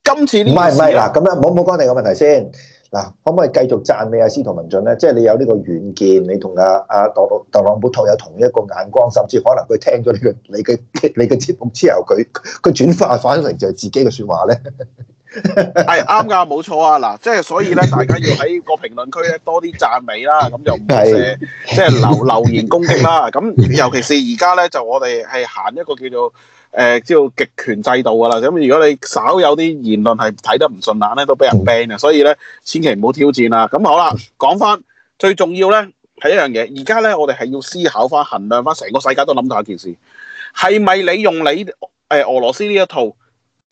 S1: 今次呢？唔係唔係啦，
S2: 咁樣冇冇講第二個問題先。嗱、啊，可唔可以繼續讚美阿、啊、司徒文進咧？即係你有呢個遠見，你同阿阿特朗普特朗普有同一個眼光，甚至可能佢聽咗呢個你嘅你嘅節目之後，佢佢轉化翻嚟就係自己嘅説話咧。
S1: 係啱噶，冇 錯啊！嗱，即係所以咧，大家要喺個評論區咧多啲讚美啦，咁就唔好 即係留留言攻擊啦。咁尤其是而家咧，就我哋係行一個叫做誒、呃，叫做極權制度噶啦。咁如果你稍有啲言論係睇得唔順眼咧，都俾人 ban 啊。所以咧，千祈唔好挑戰啦。咁好啦，講翻最重要咧，係一樣嘢。而家咧，我哋係要思考翻、衡量翻成個世界都諗到一件事：係咪你用你誒、呃、俄羅斯呢一套？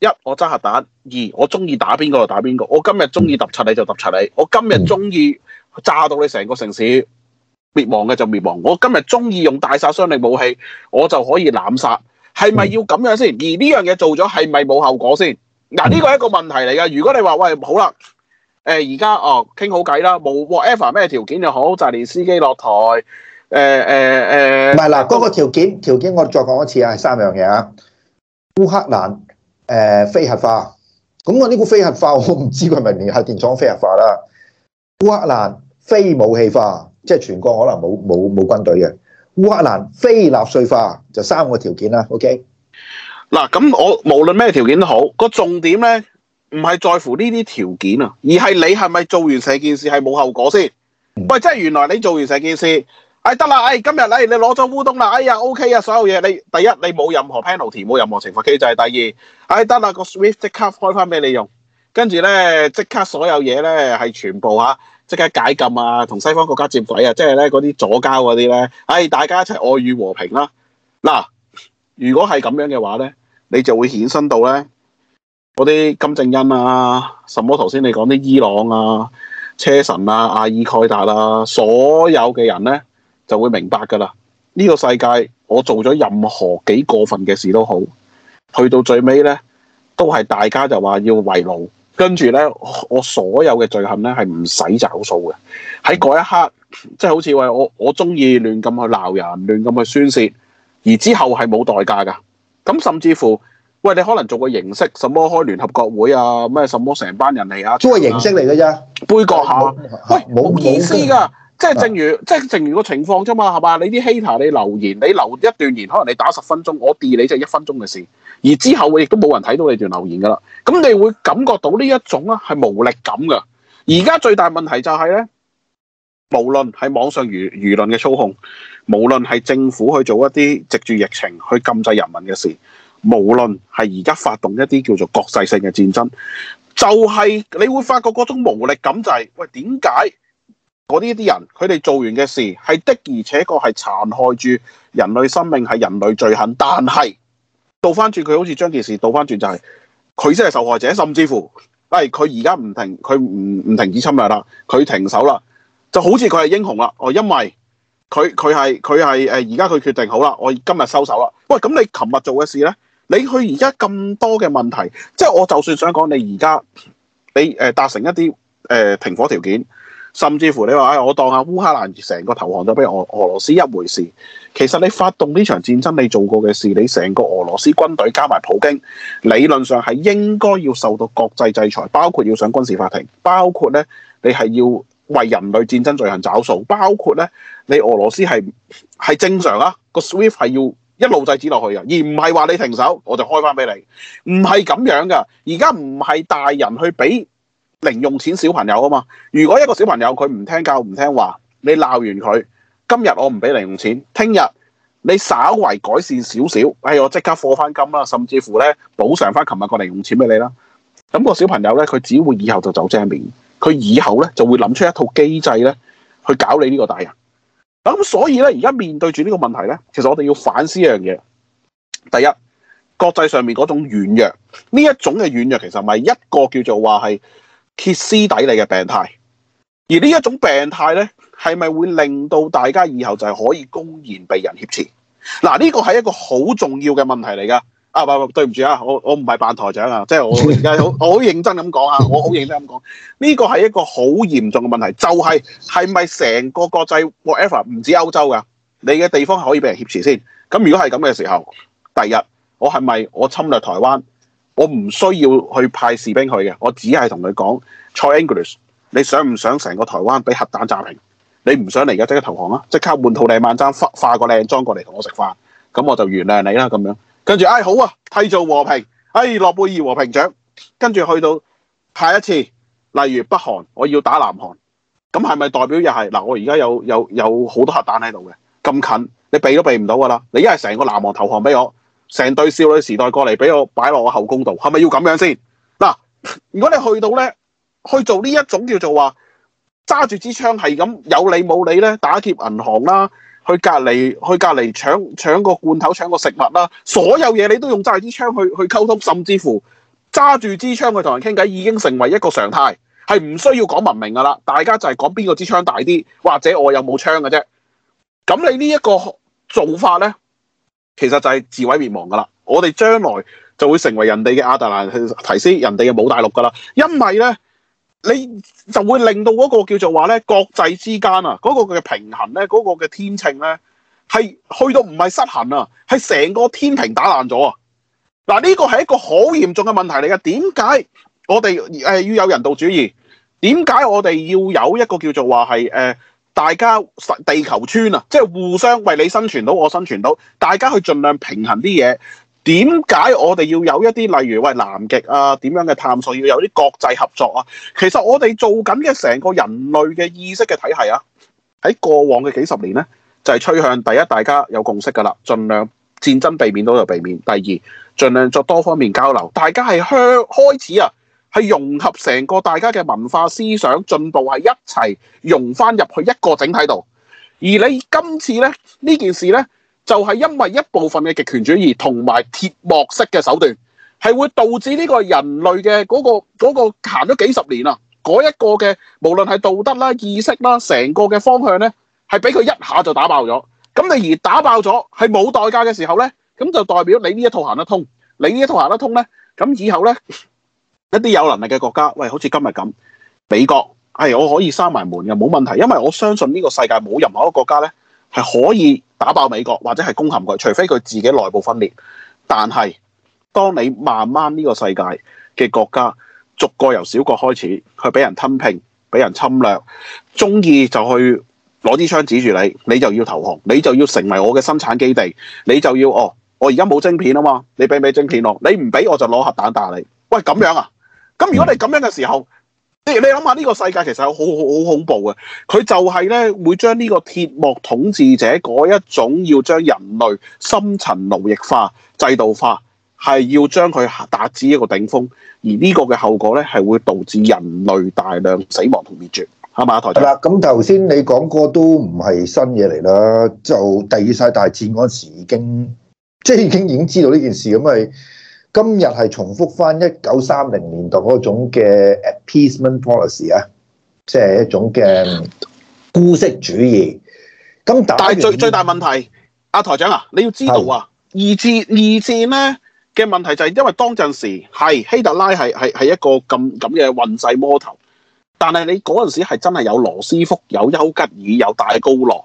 S1: 一我揸核彈，二我中意打邊個就打邊個。我今日中意揼柒你就揼柒你，我今日中意炸到你成個城市滅亡嘅就滅亡。我今日中意用大殺傷力武器，我就可以濫殺。係咪要咁樣先？而呢樣嘢做咗，係咪冇後果先？嗱，呢個係一個問題嚟噶。如果你喂、呃哦、話喂好啦，誒而家哦傾好計啦，冇 whatever 咩條件又好，就係連司機落台。誒誒誒，唔係嗱，嗰、
S2: 呃、個條件條件我再講一次啊，係三樣嘢啊，烏克蘭。誒、呃，非核化，咁我呢個非核化，我唔知佢係咪核電廠非核化啦。烏克蘭非武器化，即係全國可能冇冇冇軍隊嘅。烏克蘭非納粹化，就三個條件啦。OK，
S1: 嗱，咁我無論咩條件都好，個重點呢唔係在乎呢啲條件啊，而係你係咪做完成件事係冇後果先？喂、嗯，即係原來你做完成件事。哎得啦，哎今日哎你攞咗烏冬啦，哎呀 OK 啊，所有嘢你第一你冇任何 penalty，冇任何懲罰機制；第二，哎得啦個 swift 即刻開翻俾你用，跟住咧即刻所有嘢咧係全部嚇，即刻解禁啊，同西方國家接軌啊，即係咧嗰啲左膠嗰啲咧，哎大家一齊愛與和平啦。嗱、啊，如果係咁樣嘅話咧，你就會衍生到咧嗰啲金正恩啊，什麼頭先你講啲伊朗啊、車臣啊、阿爾蓋達啊，所有嘅人咧。就會明白噶啦，呢個世界我做咗任何幾過分嘅事都好，去到最尾呢，都係大家就話要圍爐，跟住呢，我所有嘅罪行呢，係唔使找數嘅。喺嗰一刻，即係好似喂，我我中意亂咁去鬧人，亂咁去宣泄，而之後係冇代價噶。咁甚至乎喂，你可能做個形式，什麼開聯合國會啊，咩什麼成班人嚟啊，都係形式嚟噶咋？杯葛下，喂冇沒意思噶。即係正如，即係正如個情況啫嘛，係嘛？你啲 hater 你留言，你留一段言，可能你打十分鐘，我 delete 你即係一分鐘嘅事，而之後我亦都冇人睇到你段留言㗎啦。咁你會感覺到呢一種啊係無力感㗎。而家最大問題就係咧，無論係網上輿輿論嘅操控，無論係政府去做一啲藉住疫情去禁制人民嘅事，無論係而家發動一啲叫做國際性嘅戰爭，就係你會發覺嗰種無力感就係，喂點解？我呢一啲人，佢哋做完嘅事係的而且確係殘害住人類生命，係人類罪行。但係倒翻轉，佢好似將件事倒翻轉，就是，就係佢先係受害者。甚至乎，係佢而家唔停，佢唔唔停止侵略啦，佢停手啦，就好似佢係英雄啦。哦，因為佢佢係佢係誒，而家佢決定好啦，我今日收手啦。喂，咁你琴日做嘅事咧？你去而家咁多嘅問題，即、就、係、是、我就算想講，你而家你誒達成一啲誒、呃、停火條件。甚至乎你話，哎，我當下烏克蘭成個投降咗，俾俄俄羅斯一回事。其實你發動呢場戰爭，你做過嘅事，你成個俄羅斯軍隊加埋普京，理論上係應該要受到國際制裁，包括要上軍事法庭，包括呢你係要為人類戰爭罪行找數，包括呢你俄羅斯係係正常啊。個 Swift 係要一路制止落去啊，而唔係話你停手，我就開翻俾你。唔係咁樣噶，而家唔係大人去俾零用錢小朋友啊嘛，如果一個小朋友佢唔聽教唔聽話，你鬧完佢，今日我唔俾零用錢，聽日你稍為改善少少，哎，我即刻課翻金啦，甚至乎咧補償翻琴日個零用錢俾你啦。咁，那個小朋友咧，佢只會以後就走精面，佢以後咧就會諗出一套機制咧去搞你呢個大人。咁所以咧，而家面對住呢個問題咧，其實我哋要反思一樣嘢。第一，國際上面嗰種軟弱，呢一種嘅軟弱其實唔係一個叫做話係。歇斯底里嘅病態，而呢一種病態咧，係咪會令到大家以後就係可以公然被人挾持？嗱、啊，呢、呢個係一個好重要嘅問題嚟噶。啊唔對唔住啊，我我唔係扮台長啊，即係我而家好我好認真咁講啊，我好認真咁講，呢、呢個係一個好嚴重嘅問題，就係係咪成個國際 whatever 唔止歐洲噶，你嘅地方係可以被人挾持先？咁如果係咁嘅時候，第日我係咪我侵略台灣？我唔需要去派士兵去嘅，我只係同佢講，蔡英文，你想唔想成個台灣俾核彈炸平？你唔想嚟嘅，即刻投降啦，即刻換套靚晚裝，化化個靚妝過嚟同我食飯，咁我就原諒你啦咁樣。跟住，哎好啊，替做和平，哎諾貝爾和平獎。跟住去到下一次，例如北韓，我要打南韓，咁係咪代表又係嗱？我而家有有有好多核彈喺度嘅，咁近你避都避唔到㗎喇，你一係成個南韓投降俾我。成對少女時代過嚟俾我擺落我後宮度，係咪要咁樣先？嗱，如果你去到呢，去做呢一種叫做話揸住支槍係咁有理冇理咧，打劫銀行啦，去隔離去隔離搶搶個罐頭、搶個食物啦，所有嘢你都用揸支槍去去溝通，甚至乎揸住支槍去同人傾偈，已經成為一個常態，係唔需要講文明噶啦。大家就係講邊個支槍大啲，或者我有冇槍嘅啫。咁你呢一個做法呢？其實就係自毀滅亡噶啦，我哋將來就會成為人哋嘅亞特蘭提斯，人哋嘅母大陸噶啦。因為咧，你就會令到嗰個叫做話咧國際之間啊，嗰個嘅平衡咧，嗰個嘅天秤咧，係去到唔係失衡啊，係成個天平打爛咗啊！嗱，呢個係一個好嚴重嘅問題嚟噶。點解我哋誒要有人道主義？點解我哋要有一個叫做話係誒？呃大家實地球村啊，即係互相為你生存到，我生存到，大家去盡量平衡啲嘢。點解我哋要有一啲例如喂南極啊，點樣嘅探索要有啲國際合作啊？其實我哋做緊嘅成個人類嘅意識嘅體系啊，喺過往嘅幾十年咧，就係、是、趨向第一，大家有共識噶啦，盡量戰爭避免到就避免；第二，盡量作多方面交流，大家係向開始啊！係融合成個大家嘅文化思想，進步係一齊融翻入去一個整體度，而你今次咧呢件事呢，就係因為一部分嘅極權主義同埋鐵幕式嘅手段，係會導致呢個人類嘅嗰個嗰個行咗幾十年啦，嗰一個嘅無論係道德啦、意識啦，成個嘅方向呢，係俾佢一下就打爆咗。咁你而打爆咗係冇代價嘅時候呢，咁就代表你呢一套行得通，你呢一套行得通呢，咁以後呢。 一啲有能力嘅國家，喂，好似今日咁，美國，係、哎、我可以閂埋門嘅，冇問題，因為我相信呢個世界冇任何一個國家咧係可以打爆美國或者係攻陷佢，除非佢自己內部分裂。但係當你慢慢呢個世界嘅國家逐個由小國開始，佢俾人吞併、俾人侵略，中意就去攞支槍指住你，你就要投降，你就要成為我嘅生產基地，你就要哦，我而家冇晶片啊嘛，你俾唔俾晶片咯？你唔俾我就攞核彈打你。喂，咁樣啊？咁、嗯、如果你咁樣嘅時候，你你諗下呢個世界其實好好好恐怖嘅，佢就係咧會將呢個鐵幕統治者嗰一種要將人類深層奴役化、制度化，係要將佢達至一個頂峰，而呢個嘅後果咧係會導致人類大量死亡同滅絕，係嘛？台長，係啦。
S2: 咁頭先你講過都唔係新嘢嚟啦，就第二世大戰嗰時已經即係已經已經知道呢件事咁係。今日係重複翻一九三零年代嗰種嘅 appeasement policy 啊，即係一種嘅姑息
S1: 主義。咁但係最最大問題，阿台長啊，你要知道啊，是的 二戰二戰咧嘅問題就係因為當陣時係希特拉係係係一個咁咁嘅混世魔頭，但係你嗰陣時係真係有羅斯福、有丘吉爾、有戴高樂。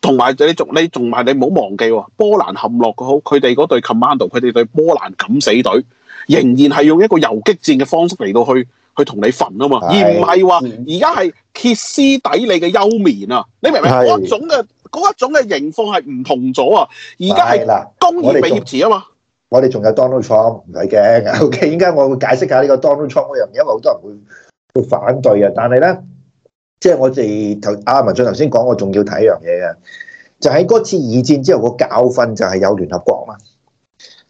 S1: 同埋你仲你仲埋你唔好忘記喎，波蘭陷落佢好，佢哋嗰隊 commando 佢哋對波蘭敢死隊，仍然係用一個遊擊戰嘅方式嚟到去去同你焚啊嘛，是而唔係話而家係歇斯底里嘅休眠啊，你明唔明？嗰種嘅嗰一種嘅情況係唔同咗啊，而家係嗱，公然違業治啊嘛，
S2: 我哋仲有 Donald Trump 唔使驚，OK，點解我會解釋下呢個 Donald Trump 嗰樣嘢，因為好多人會會反對啊，但係咧。即係我哋頭阿文俊頭先講，我仲要睇一樣嘢嘅，就喺、是、嗰次二戰之後個教訓就係有聯合國啊嘛。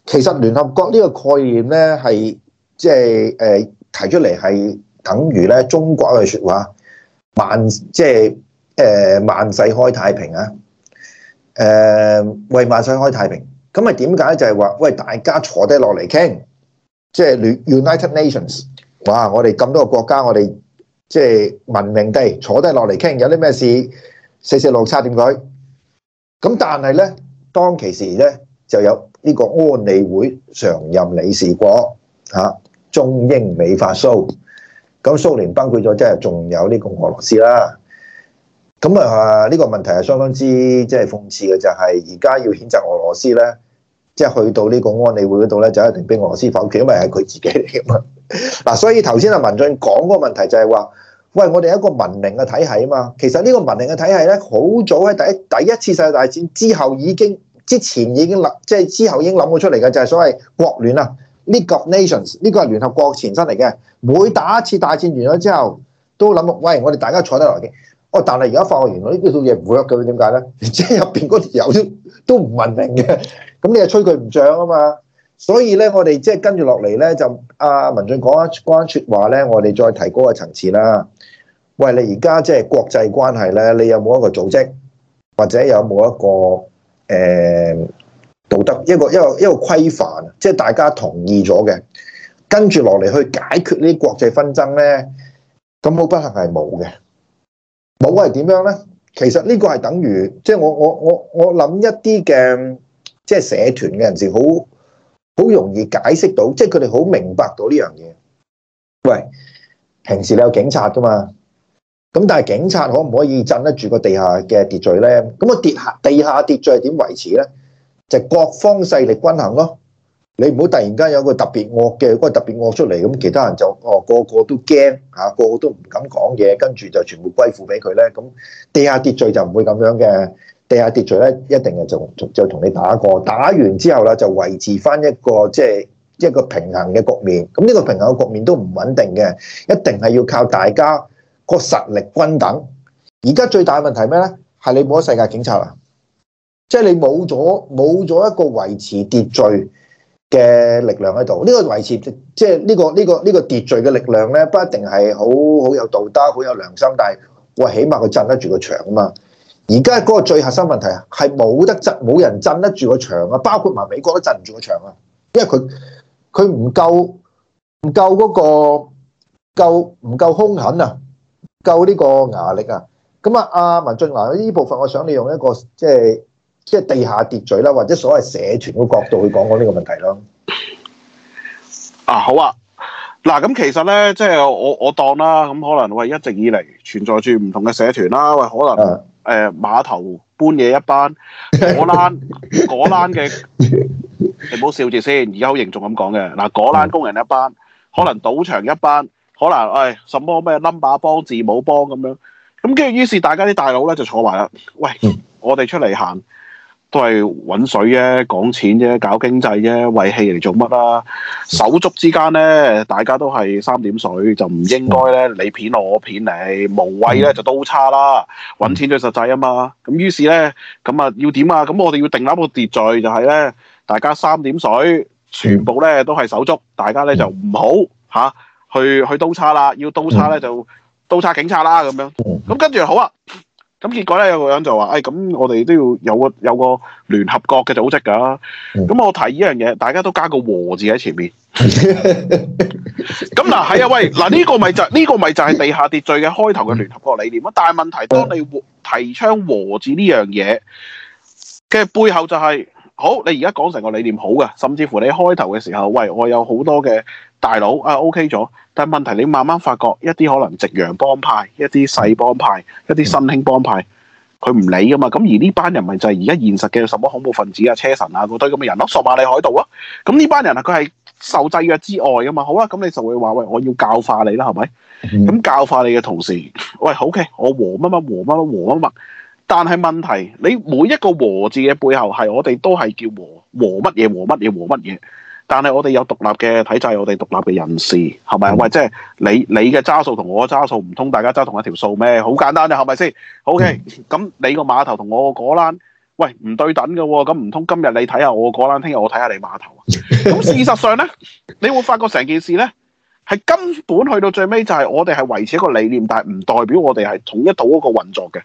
S2: 其實聯合國呢個概念咧係即係誒提出嚟，係等於咧中國嘅說話萬即係誒萬世開太平啊。誒、呃、為萬世開太平，咁啊點解就係、是、話喂，大家坐低落嚟傾，即、就、係、是、United Nations，哇！我哋咁多個國家，我哋。即係文明地坐低落嚟傾，有啲咩事四四六七點佢。咁但係咧，當其時咧就有呢個安理會常任理事國嚇、啊，中英美法蘇。咁、啊、蘇聯崩潰咗，即係仲有呢個俄羅斯啦。咁啊，呢、呢個問題係相當之即係諷刺嘅，就係而家要譴責俄羅斯咧，即、就、係、是、去到呢個安理會嗰度咧，就一定俾俄羅斯否決，因為係佢自己嚟嘅嘛。嗱、啊，所以頭先阿文進講嗰個問題就係話。喂，我哋係一個文明嘅體系啊嘛，其實呢個文明嘅體系咧，好早喺第一第一次世界大戰之後已經，之前已經諗，即係之後已經諗到出嚟嘅就係所謂國聯啊 League of Nations，呢個係聯合國前身嚟嘅。每打一次大戰完咗之後，都諗，喂，我哋大家坐得落嘅。哦，但係而家發覺原來呢啲嘢唔 work 點解咧？即係入邊嗰條友都都唔文明嘅，咁你又吹佢唔漲啊嘛？所以咧，我哋即係跟住落嚟咧，就阿文俊講一關說話咧，我哋再提高個層次啦。喂，你而家即係國際關係咧，你有冇一個組織，或者有冇一個誒、呃、道德一個一個一個規範，即係大家同意咗嘅，跟住落嚟去解決呢啲國際紛爭咧，咁好不幸係冇嘅，冇係點樣咧？其實呢個係等於即係我我我我諗一啲嘅，即係社團嘅人士好。好容易解釋到，即係佢哋好明白到呢樣嘢。喂，平時你有警察噶嘛？咁但係警察可唔可以鎮得住個地下嘅秩序咧？咁個地下地下秩序係點維持咧？就各方勢力均衡咯。你唔好突然間有個特別惡嘅，個特別惡出嚟，咁其他人就哦，個個都驚啊，個個都唔敢講嘢，跟住就全部歸附俾佢咧。咁地下秩序就唔會咁樣嘅。地下秩序咧，一定就就就同你打過，打完之後啦，就維持翻一個即係、就是、一個平衡嘅局面。咁、嗯、呢、這個平衡嘅局面都唔穩定嘅，一定係要靠大家個實力均等。而家最大嘅問題咩咧？係你冇咗世界警察啦，即、就、係、是、你冇咗冇咗一個維持秩序嘅力量喺度。呢、這個維持即係呢個呢、這個呢、這個秩序嘅力量咧，不一定係好好有道德、好有良心，但係我起碼佢鎮得住個場啊嘛。而家嗰個最核心問題啊，係冇得冇人鎮得住個場啊！包括埋美國都鎮唔住個場啊，因為佢佢唔夠唔夠嗰、那個唔夠兇狠啊，夠呢個牙力啊！咁啊，阿文進啊，呢部分我想你用一個即係即係地下秩序啦、啊，或者所謂社團個角度去講講呢個問題咯、
S1: 啊。啊，好啊！嗱，咁其實咧，即、就、係、是、我我當啦、啊，咁可能我一直以嚟存在住唔同嘅社團啦、啊，喂，可能。誒、呃、碼頭搬嘢一班，果欄果欄嘅，你唔好笑住先，而家好凝重咁講嘅。嗱，果欄工人一班，可能賭場一班，可能誒、哎、什麼咩 number 幫字母幫咁樣，咁跟住於是大家啲大佬咧就坐埋啦，喂，我哋出嚟行都係揾水啫，講錢啫，搞經濟啫，為戲嚟做乜啊？手足之間呢，大家都係三點水，就唔應該呢。你片我，我片你，無謂呢就刀叉啦。揾錢最實際啊嘛。咁於是呢，咁啊要點啊？咁我哋要定立一個秩序就，就係呢大家三點水，全部呢都係手足，大家呢就唔好吓去去刀叉啦。要刀叉呢，就刀叉警察啦，咁樣。咁跟住好啊。咁結果咧有個人就話：誒、哎，咁我哋都要有個有個聯合國嘅組織㗎，咁我提呢樣嘢，大家都加個和字喺前面。咁嗱， 係啊，喂，嗱、這、呢個咪、這個、就呢個咪就係地下秩序嘅開頭嘅聯合國理念啊。但係問題，當你提倡和字呢樣嘢嘅背後就係、是。好，你而家講成個理念好嘅，甚至乎你開頭嘅時候，喂，我有好多嘅大佬啊 OK 咗，但係問題你慢慢發覺一啲可能夕陽幫派、一啲細幫派、一啲新興幫派，佢唔理噶嘛。咁而呢班人咪就係而家現實嘅什麼恐怖分子啊、車神啊嗰堆咁嘅人咯、啊，索馬利海島索馬利海盜啊。咁呢班人啊，佢係受制約之外噶嘛。好啦、啊，咁你就會話喂，我要教化你啦，係咪？咁教化你嘅同時，喂，OK，我和乜乜和乜乜和乜乜。但係問題，你每一個和字嘅背後係我哋都係叫和和乜嘢和乜嘢和乜嘢，但係我哋有獨立嘅體制，我哋獨立嘅人士係咪？喂，即係你你嘅揸數同我嘅揸數唔通，大家揸同一條數咩？好簡單嘅係咪先？OK，咁你個碼頭同我個果欄，喂，唔對等嘅喎、哦，咁唔通今日你睇下我個果欄，聽日我睇下你碼頭啊？咁 事實上咧，你會發覺成件事咧係根本去到最尾就係我哋係維持一個理念，但係唔代表我哋係統一到一個運作嘅。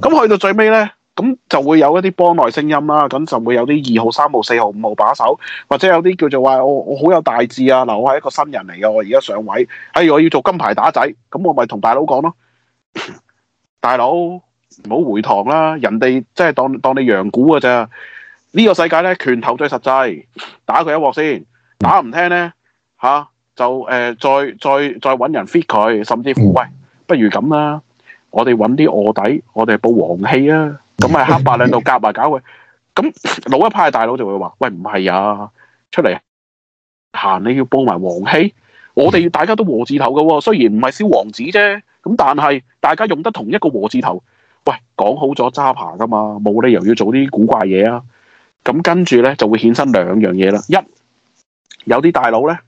S1: 咁去到最尾呢，咁就會有一啲幫內聲音啦，咁就會有啲二號、三號、四號、五號把手，或者有啲叫做話我我好有大志啊，我係一個新人嚟嘅，我而家上位，哎，我要做金牌打仔，咁我咪同大佬講咯， 大佬唔好回堂啦，人哋即係當當你羊股嘅咋，呢、這個世界呢，拳頭最實際，打佢一鑊先，打唔聽呢，吓、啊、就誒、呃、再再再揾人 fit 佢，甚至乎喂，不如咁啦。我哋搵啲臥底，我哋係報黃氣啊，咁係黑白兩道夾埋搞佢。咁老一派大佬就會話，喂，唔係啊，出嚟，啊，行你要報埋黃氣，我哋大家都和字頭噶喎，哦。雖然唔係燒黃紙啫，咁但係大家用得同一個和字頭。喂，講好咗揸扒噶嘛，冇理由要做啲古怪嘢啊。咁跟住咧就會衍生兩樣嘢啦。一有啲大佬咧，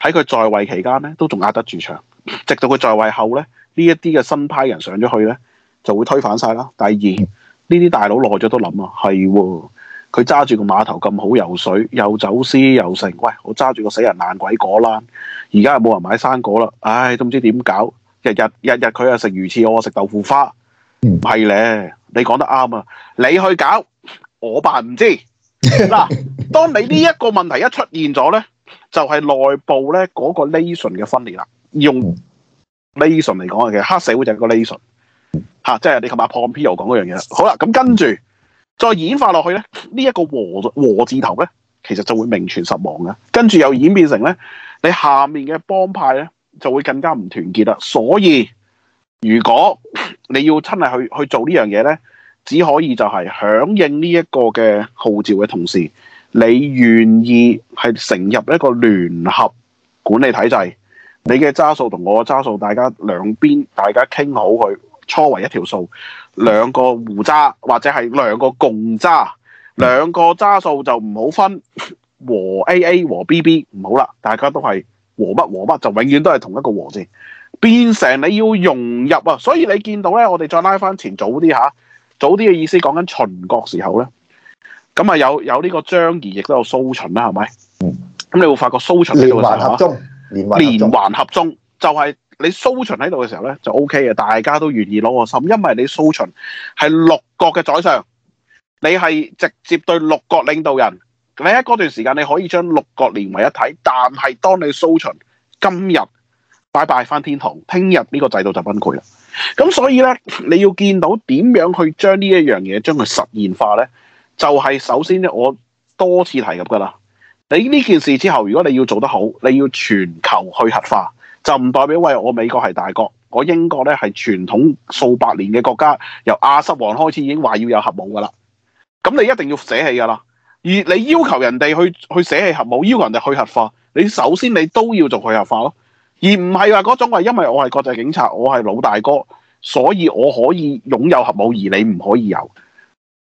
S1: 喺佢在位期間咧都仲壓得住場，直到佢在位後咧。呢一啲嘅新派人上咗去咧，就會推翻晒啦。第二，呢啲大佬耐咗都諗啊，係喎，佢揸住個碼頭咁好游水，又走私又成。喂，我揸住個死人爛鬼果欄，而家又冇人買生果啦。唉、哎，都唔知點搞。日日日日佢又食魚翅，我食豆腐花。唔係咧，你講得啱啊！你去搞，我扮唔知。嗱， 當你呢一個問題一出現咗咧，就係、是、內部咧嗰個 nation 嘅分裂啦。用 nation 嚟講啊，其實黑社會就係個 nation 吓，即係你琴日阿 Paul 講嗰樣嘢啦。好啦，咁跟住再演化落去咧，呢一個和和字頭咧，其實就會名存實亡嘅。跟住又演變成咧，你下面嘅幫派咧就會更加唔團結啦。所以如果你要真係去去做呢樣嘢咧，只可以就係響應呢一個嘅號召嘅同時，你願意係成立一個聯合管理體制。你嘅揸數同我嘅揸數，大家兩邊大家傾好佢，初為一條數，兩個互揸或者係兩個共揸，兩個揸數就唔好分和 A A 和 B B 唔好啦，大家都係和乜和乜，就永遠都係同一個和字。變成你要融入啊，所以你見到咧，我哋再拉翻前早啲吓，早啲嘅意思講緊秦國時候咧，咁啊有有呢個張儀亦都有蘇秦啦，係咪？嗯，咁你會發覺蘇秦呢喎吓。連環合縱， 就係你蘇秦喺度嘅時候咧就 O K 嘅，大家都願意攞我心，因為你蘇秦係六國嘅宰相，你係直接對六國領導人，你喺嗰段時間你可以將六國連為一體，但係當你蘇秦今日拜拜翻天堂，聽日呢個制度就崩潰啦，咁所以咧你要見到點樣去將呢一樣嘢將佢實現化咧，就係、是，首先咧我多次提及噶啦。你呢件事之後，如果你要做得好，你要全球去核化，就唔代表喂我美國係大國，我英國咧係傳統數百年嘅國家，由亞瑟王開始已經話要有核武噶啦。咁你一定要捨棄噶啦。而你要求人哋去去捨棄核武，要求人哋去核化，你首先你都要做去核化咯，而唔係話嗰種係，因為我係國際警察，我係老大哥，所以我可以擁有核武，而你唔可以有，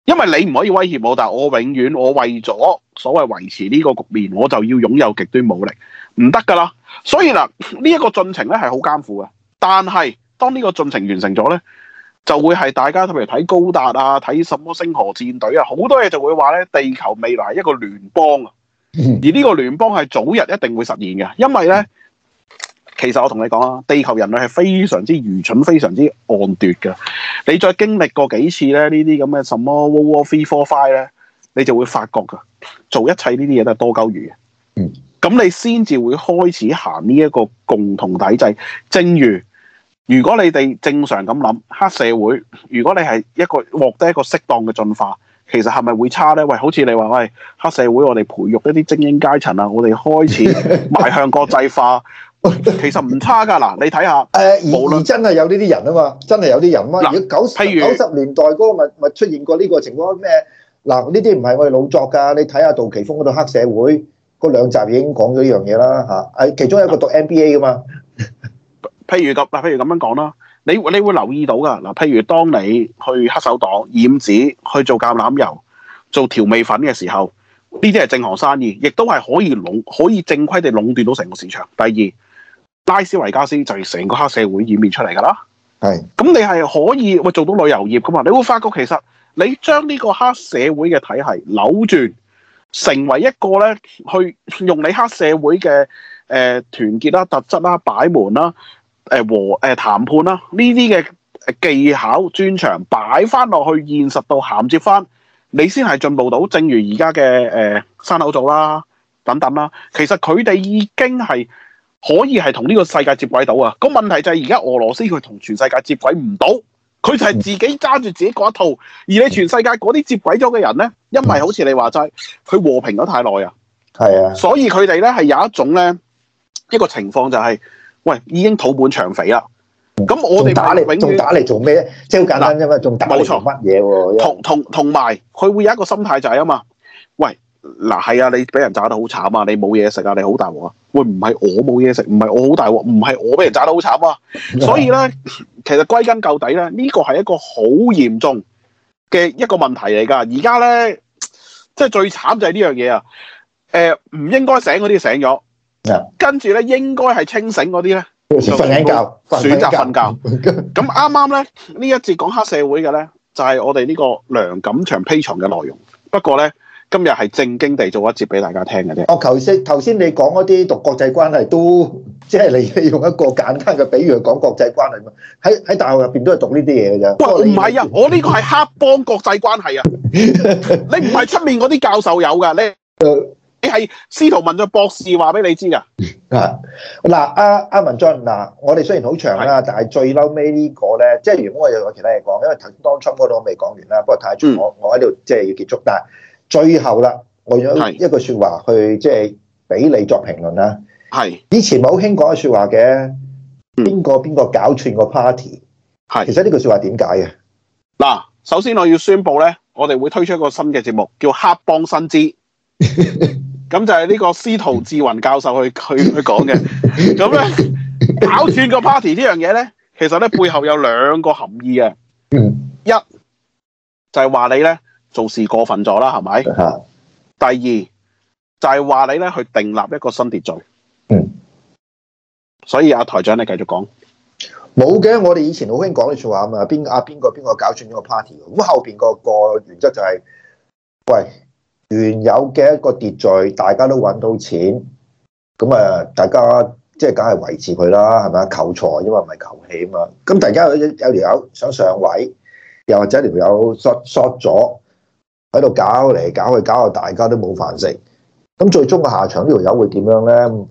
S1: 因為你唔可以威脅我，但我永遠我為咗。所謂維持呢個局面，我就要擁有極端武力，唔得噶啦。所以啦，呢一個進程咧係好艱苦嘅。但係當呢個進程完成咗咧，就會係大家，譬如睇高達啊，睇什麼星河戰隊啊，好多嘢就會話咧，地球未來一個聯邦啊。而呢個聯邦係早日一定會實現嘅，因為咧，其實我同你講啊，地球人類係非常之愚蠢、非常之戇奪嘅。你再經歷過幾次咧，呢啲咁嘅什麼 World War Three Four Five 咧，你就會發覺㗎，做一切呢啲嘢都係多鳩魚嘅。嗯，咁你先至會開始行呢一個共同體制。正如如果你哋正常咁諗，黑社會，如果你係一個獲得一個適當嘅進化，其實係咪會差呢？喂，好似你話喂黑社會，我哋培育一啲精英階層啊，我哋開始邁向國際化， 其實唔差㗎。嗱，你睇下，誒、呃，無論論真係有呢啲人啊嘛，真係有啲人啊嘛。譬如九十年代
S2: 嗰、那個咪咪出現過呢個情況咩？嗱，呢啲唔係我哋老作㗎，你睇下杜琪峰嗰套黑社會嗰兩集已經講咗呢樣嘢啦嚇，係其中一個讀 MBA 㗎嘛
S1: 譬。譬如咁，嗱，譬如咁樣講啦，你你會留意到㗎。嗱，譬如當你去黑手黨染指去做橄欖油、做調味粉嘅時候，呢啲係正行生意，亦都係可以壟可以正規地壟斷到成個市場。第二，拉斯維加斯就係成個黑社會演變出嚟㗎啦。係是，咁你係可以喂做到旅遊業㗎嘛？你會發覺其實。你將呢個黑社會嘅體系扭轉，成為一個咧，去用你黑社會嘅誒團結啦、啊、特質啦、啊、擺門啦、啊、誒和誒談、呃、判啦呢啲嘅技巧專長擺翻落去現實度，銜接翻，你先係進步到。正如而家嘅誒山口組啦、啊、等等啦、啊，其實佢哋已經係可以係同呢個世界接軌到啊。個問題就係而家俄羅斯佢同全世界接軌唔到。佢就係自己揸住自己嗰一套，而你全世界嗰啲接軌咗嘅人咧，因為好似你話齋，佢和平咗太耐啊，係啊，所以佢哋咧係有一種咧一個情況就係、是，喂已經肚滿腸肥啦，咁我哋打嚟永遠絕打嚟做咩？即係好簡單，因為仲打冇錯乜嘢喎？同同同埋佢會有一個心態就係啊嘛。嗱係啊，啊，你俾人炸得好慘啊，你冇嘢食啊，你好大鑊啊！喂，唔係我冇嘢食，唔係我好大鑊，唔係我俾人炸得好慘啊！Yeah. 所以咧，其實歸根究底咧，呢個係一個好嚴重嘅一個問題嚟噶。而家咧，即係最慘就係呢樣嘢啊！誒，唔應該醒嗰啲醒咗，跟住咧，應該係清醒嗰啲咧，瞓醒覺，選擇瞓覺。咁啱啱咧呢一節講黑社會嘅咧，就係、是、我哋呢個梁錦祥披床嘅內容。不過咧。今日係正經地做一節俾大家聽嘅啫。
S2: 我頭先頭先你講嗰啲讀國際關係都，即、就、係、是、你用一個簡
S1: 單嘅比喻講國際關係嘛？喺喺大學入邊都係讀呢啲嘢嘅啫。唔係喂你啊，我呢個係黑幫國際關係啊！ 你唔係出面嗰啲教授有噶，你誒， 你係司徒文嘅博士話俾你知、啊、噶。
S2: 嗱阿阿文進嗱、啊，我哋雖然好長啦，的但係最嬲尾呢個咧，即係如果
S1: 我,我有其他嘢講，因為頭先當初嗰度我未
S2: 講完啦，不過太長、嗯，我我喺度即係要結束，但係。最後啦，我有一句説話去即係俾你作評論啦。係是以前冇興講嘅説話嘅，邊個邊個搞串個 party？係是是 其實呢句説話點解嘅？
S1: 嗱，首先我要宣布咧，我哋會推出一個新嘅節目，叫黑幫新知。咁 就係呢個司徒志雲教授去去去講嘅。咁 咧搞串個 party 呢樣嘢咧，其實咧背後有兩個含義嘅。嗯， 一就係、是、話你咧。做事過分咗啦，係咪？第二就係話你咧去訂立一個新秩序。嗯，所以阿台長，你繼續講。
S2: 冇嘅，我哋以前好興講呢句話啊嘛，邊阿邊個邊個搞轉咗個 party？咁後邊個個原則就係：喂，原有嘅一個秩序，大家都揾到錢，咁啊，大家即係梗係維持佢啦，係咪啊？求財因為唔係求氣啊嘛。咁大家有條友想上位，又或者條友縮縮咗。喺度搞嚟搞去搞到大家都冇飯食。咁最終嘅下場，這個、呢條友會點樣咧？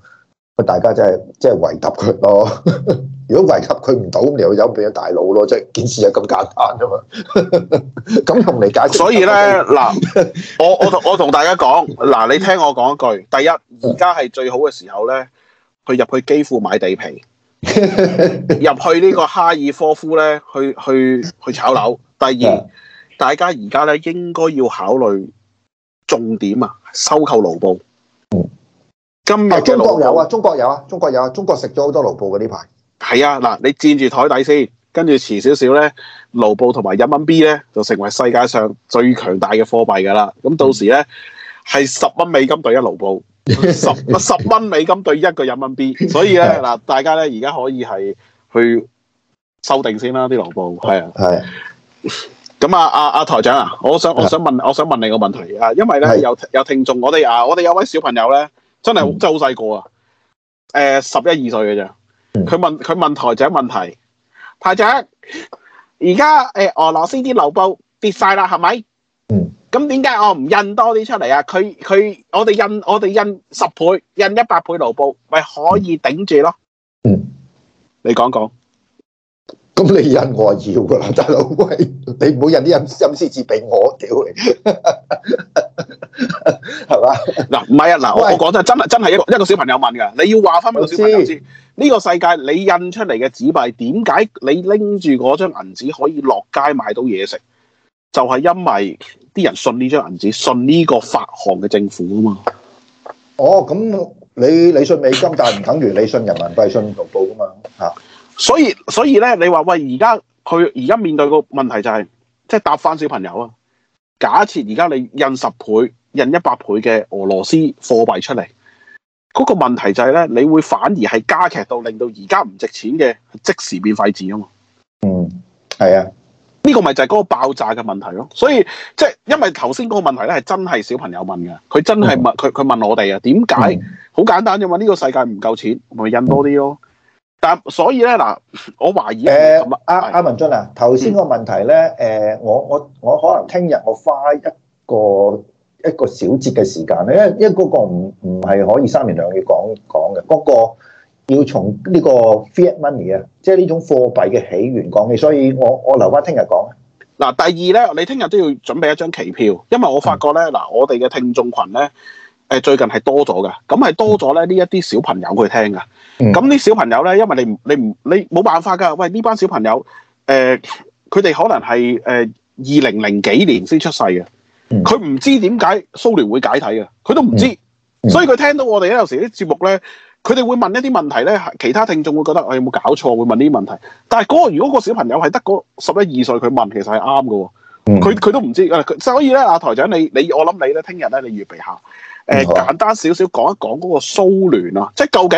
S2: 大家真係真係圍及佢咯。 如果圍及佢唔到，咁條友變咗大佬咯。即係件事就咁簡單啫嘛。咁 同你解釋，所以咧嗱吧，我
S1: 我同我同大家講嗱，你聽我講一句。第一，而家係最好嘅時候咧，去入去基輔買地皮，入去呢個哈爾科夫咧，去去去，去炒樓。第二。 大家而家咧應該要考慮重點啊，收購盧布。今日、啊、中國有啊，
S2: 中國有啊，中國有啊，中國食咗好多盧布嘅呢排。
S1: 係啊，嗱，你佔住台底先，跟住遲少少咧，盧布同埋人民幣咧就成為世界上最強大嘅貨幣噶啦。咁到時咧係十蚊美金兌一盧布，十十蚊美金兌一個人民幣。所以咧嗱， 大家咧而家可以係去收定先啦啲盧布。係啊，係 咁啊啊啊台長啊，我想我想問我想問你個問題啊，因為咧有有聽眾我，我哋啊我哋有位小朋友咧，真係好周好細個啊，誒十一二歲嘅啫，佢問佢問台長問題，台長而家誒俄羅斯啲盧布跌晒啦係咪？咁點解我唔印多啲出嚟啊？佢佢我哋印我哋印十倍、印一百倍盧布，咪可以頂住咯？嗯，
S2: 你講講。咁你印我要噶 吧啦，大佬喂，你唔好印啲印
S1: 印私字俾我，屌你，係嘛？嗱唔係啊，嗱我講真，真係真係一個是一個小朋友問噶，你要話翻俾個小朋友知，呢個世界你印出嚟嘅紙幣，點解你拎住嗰張銀紙可以落街買到嘢食？就係、是、因為啲人信呢張銀紙，信呢個發行嘅政府啊嘛。
S2: 哦，咁你你信美金，但係唔等於你信人民幣、信盧布啊嘛，吓。
S1: 所以所以咧，你話喂，而家佢而家面對個問題就係、是，即係答返小朋友啊。假設而家你印十倍、印一百倍嘅俄羅斯貨幣出嚟，嗰、那個問題就係、是、咧，你會反而係加劇到令到而家唔值錢嘅即時變廢紙啊嘛。嗯，係啊，呢個咪就係嗰個爆炸嘅問題咯。所以即係，因為頭先嗰個問題咧係真係小朋友問嘅，佢真係問佢佢、嗯、問我哋啊，點解？好、嗯、簡單啫嘛，呢、這個世界唔夠錢，咪印多啲咯。但所以咧嗱，我懷疑誒阿阿文俊啊，頭先個問題咧，誒、嗯呃、我
S2: 我我可能聽日我花一個一個小節嘅時間咧，因為因為嗰個唔唔係可以三言兩語講講嘅，嗰、那個要從呢個 fiat money 啊，即係呢種貨幣嘅起源講起，所以我我留翻聽日講。
S1: 嗱，第二咧，你聽日都要準備一張期票，因為我發覺咧，嗱我哋嘅聽眾群咧。誒最近係多咗嘅，咁係多咗咧呢一啲小朋友去聽嘅。咁啲小朋友咧，因為你唔你唔你冇辦法㗎。喂呢班小朋友誒，佢、呃、哋可能係誒二零零幾年先出世嘅，佢唔、嗯、知點解蘇聯會解體嘅，佢都唔知。嗯、所以佢聽到我哋有時啲節目咧，佢哋會問一啲問題咧，其他聽眾會覺得我、哎、有冇搞錯？會問啲問題，但係嗰、那個如果個小朋友係得嗰十一二歲，佢問其實係啱嘅。佢佢、嗯、都唔知。所以咧，阿、啊、台長，你我你我諗你咧，聽日咧，你預備下。誒、呃、簡單少少講一講嗰個蘇聯啦、啊，即係究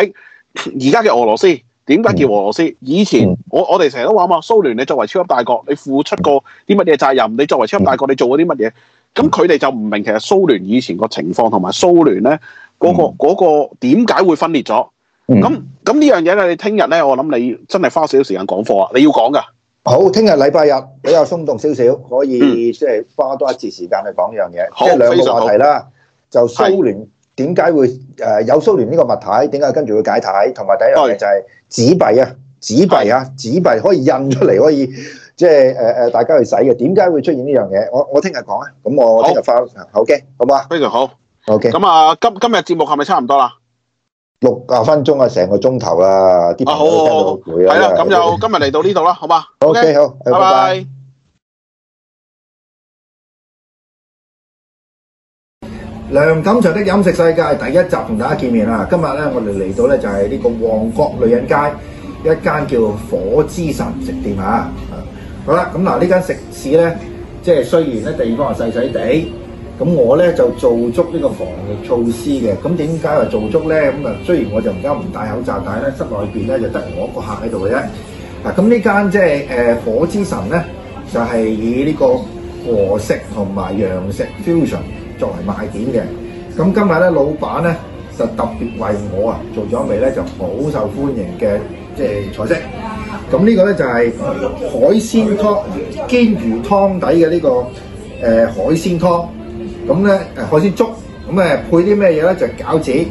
S1: 竟而家嘅俄羅斯點解叫俄羅斯？以前我我哋成日都話嘛，蘇聯你作為超級大國，你付出過啲乜嘢責任？你作為超級大國，你做過啲乜嘢？咁佢哋就唔明其實蘇聯以前個情況同埋蘇聯咧嗰、嗰個嗰個點解會分裂咗？咁咁呢樣嘢咧，你聽日咧，我諗你真係花少少時間講課啊，你要講㗎。
S2: 好，聽日禮拜日比較鬆動少少，可以即係花多一節時間去講呢樣嘢，好即係兩個話題啦。就蘇聯點解是會誒、呃、有蘇聯呢個物體？點解跟住會解體？同埋第一樣嘢就係紙幣啊，紙幣啊，是紙幣可以印出嚟，可以即係誒誒，大家去使嘅。點解會出現呢
S1: 樣嘢？我我聽日講啊。咁我聽日翻。好嘅，OK，好嘛。非常好。OK 咁啊，今日今日節目係咪差唔多啦？
S2: 六十分鐘啊，成個鐘頭啦。啲朋友跟到好攰
S1: 啊。係啦、啊，咁的的就今日嚟到呢度啦，好嘛？OK 好。拜拜。梁錦祥的飲食世界
S2: 第一集同大家見面啦！今日咧我哋嚟到咧就係呢個旺角女人街一間叫火之神食店啊！好啦，咁嗱呢間食肆咧，即係雖然咧地方係細細地，咁我咧就做足呢個防疫措施嘅。咁點解話做足咧？咁啊雖然我就而家唔戴口罩，但係咧室內邊咧就得我一個客喺度嘅啫。嗱，咁呢間即係誒火之神咧，就係以呢個和食同埋洋食 fusion。作為賣點嘅，咁今日咧，老闆咧就特別為我啊做咗一味咧就好受歡迎嘅即係菜式。咁呢、就是這個咧就係海鮮湯，鰹魚湯底嘅呢個誒海鮮湯。咁咧誒海鮮粥，咁誒、呃、配啲咩嘢咧？就係餃、是、子。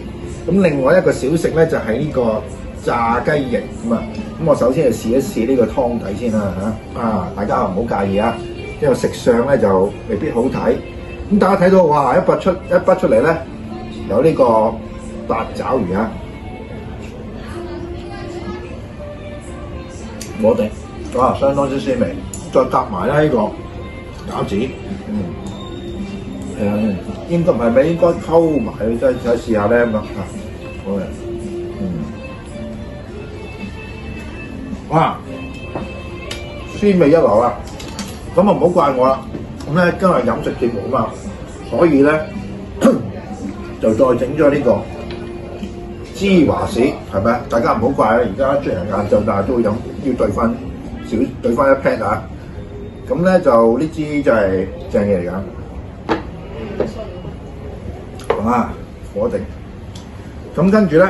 S2: 咁另外一個小食咧就係、是、呢個炸雞翼。咁啊，咁我首先就試一試呢個湯底先啦嚇。啊，大家唔好介意啊，因為食相咧就未必好睇。咁大家睇到哇，一筆出一筆出嚟咧，有呢個八爪魚啊，我哋哇相當之鮮味，再夾埋咧呢個餃子，嗯，係、嗯、啊，應該唔係咩，應該溝埋先再試下咧咁樣，好嘅，嗯，哇、啊，鮮味一流啊，咁啊唔好怪我啦。咁咧今日飲食節目啊嘛，所以咧 就再整咗呢個芝華士，係咪啊？大家唔好怪啊！而家出嚟晏晝，但係都會飲，要兌翻少兌翻一 pack 啊！咁咧就呢支就係正嘢嚟㗎，好嘛？火定。咁跟住咧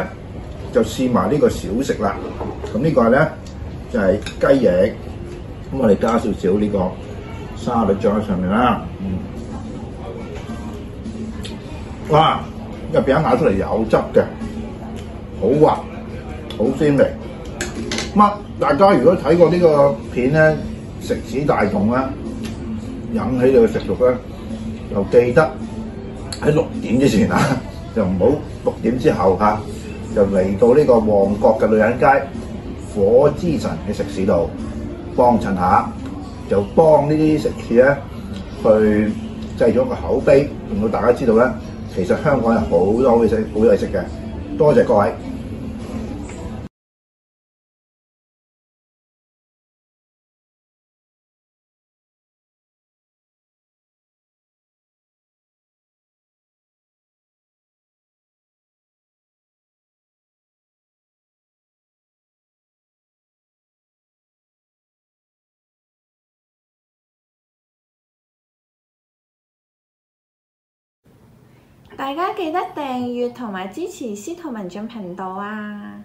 S2: 就試埋呢個小食啦。咁呢個咧就係、係、雞翼，咁我哋加少少呢個。沙律醬喺上面啦，嗯，哇，入邊咬出嚟有汁嘅，好滑，好鮮味。咁、啊、大家如果睇過呢個片咧，食指大動咧，引起你嘅食欲，咧，就記得喺六點之前啊，就唔好六點之後嚇、啊，就嚟到呢個旺角嘅女人街火之神嘅食肆度幫襯下。就幫這些呢啲食肆咧，去製咗個口碑，令到大家知道咧，其實香港有好多好嘢
S1: 食，好嘢食嘅。多謝各位。大家記得訂閱同埋支持司徒文進頻道啊！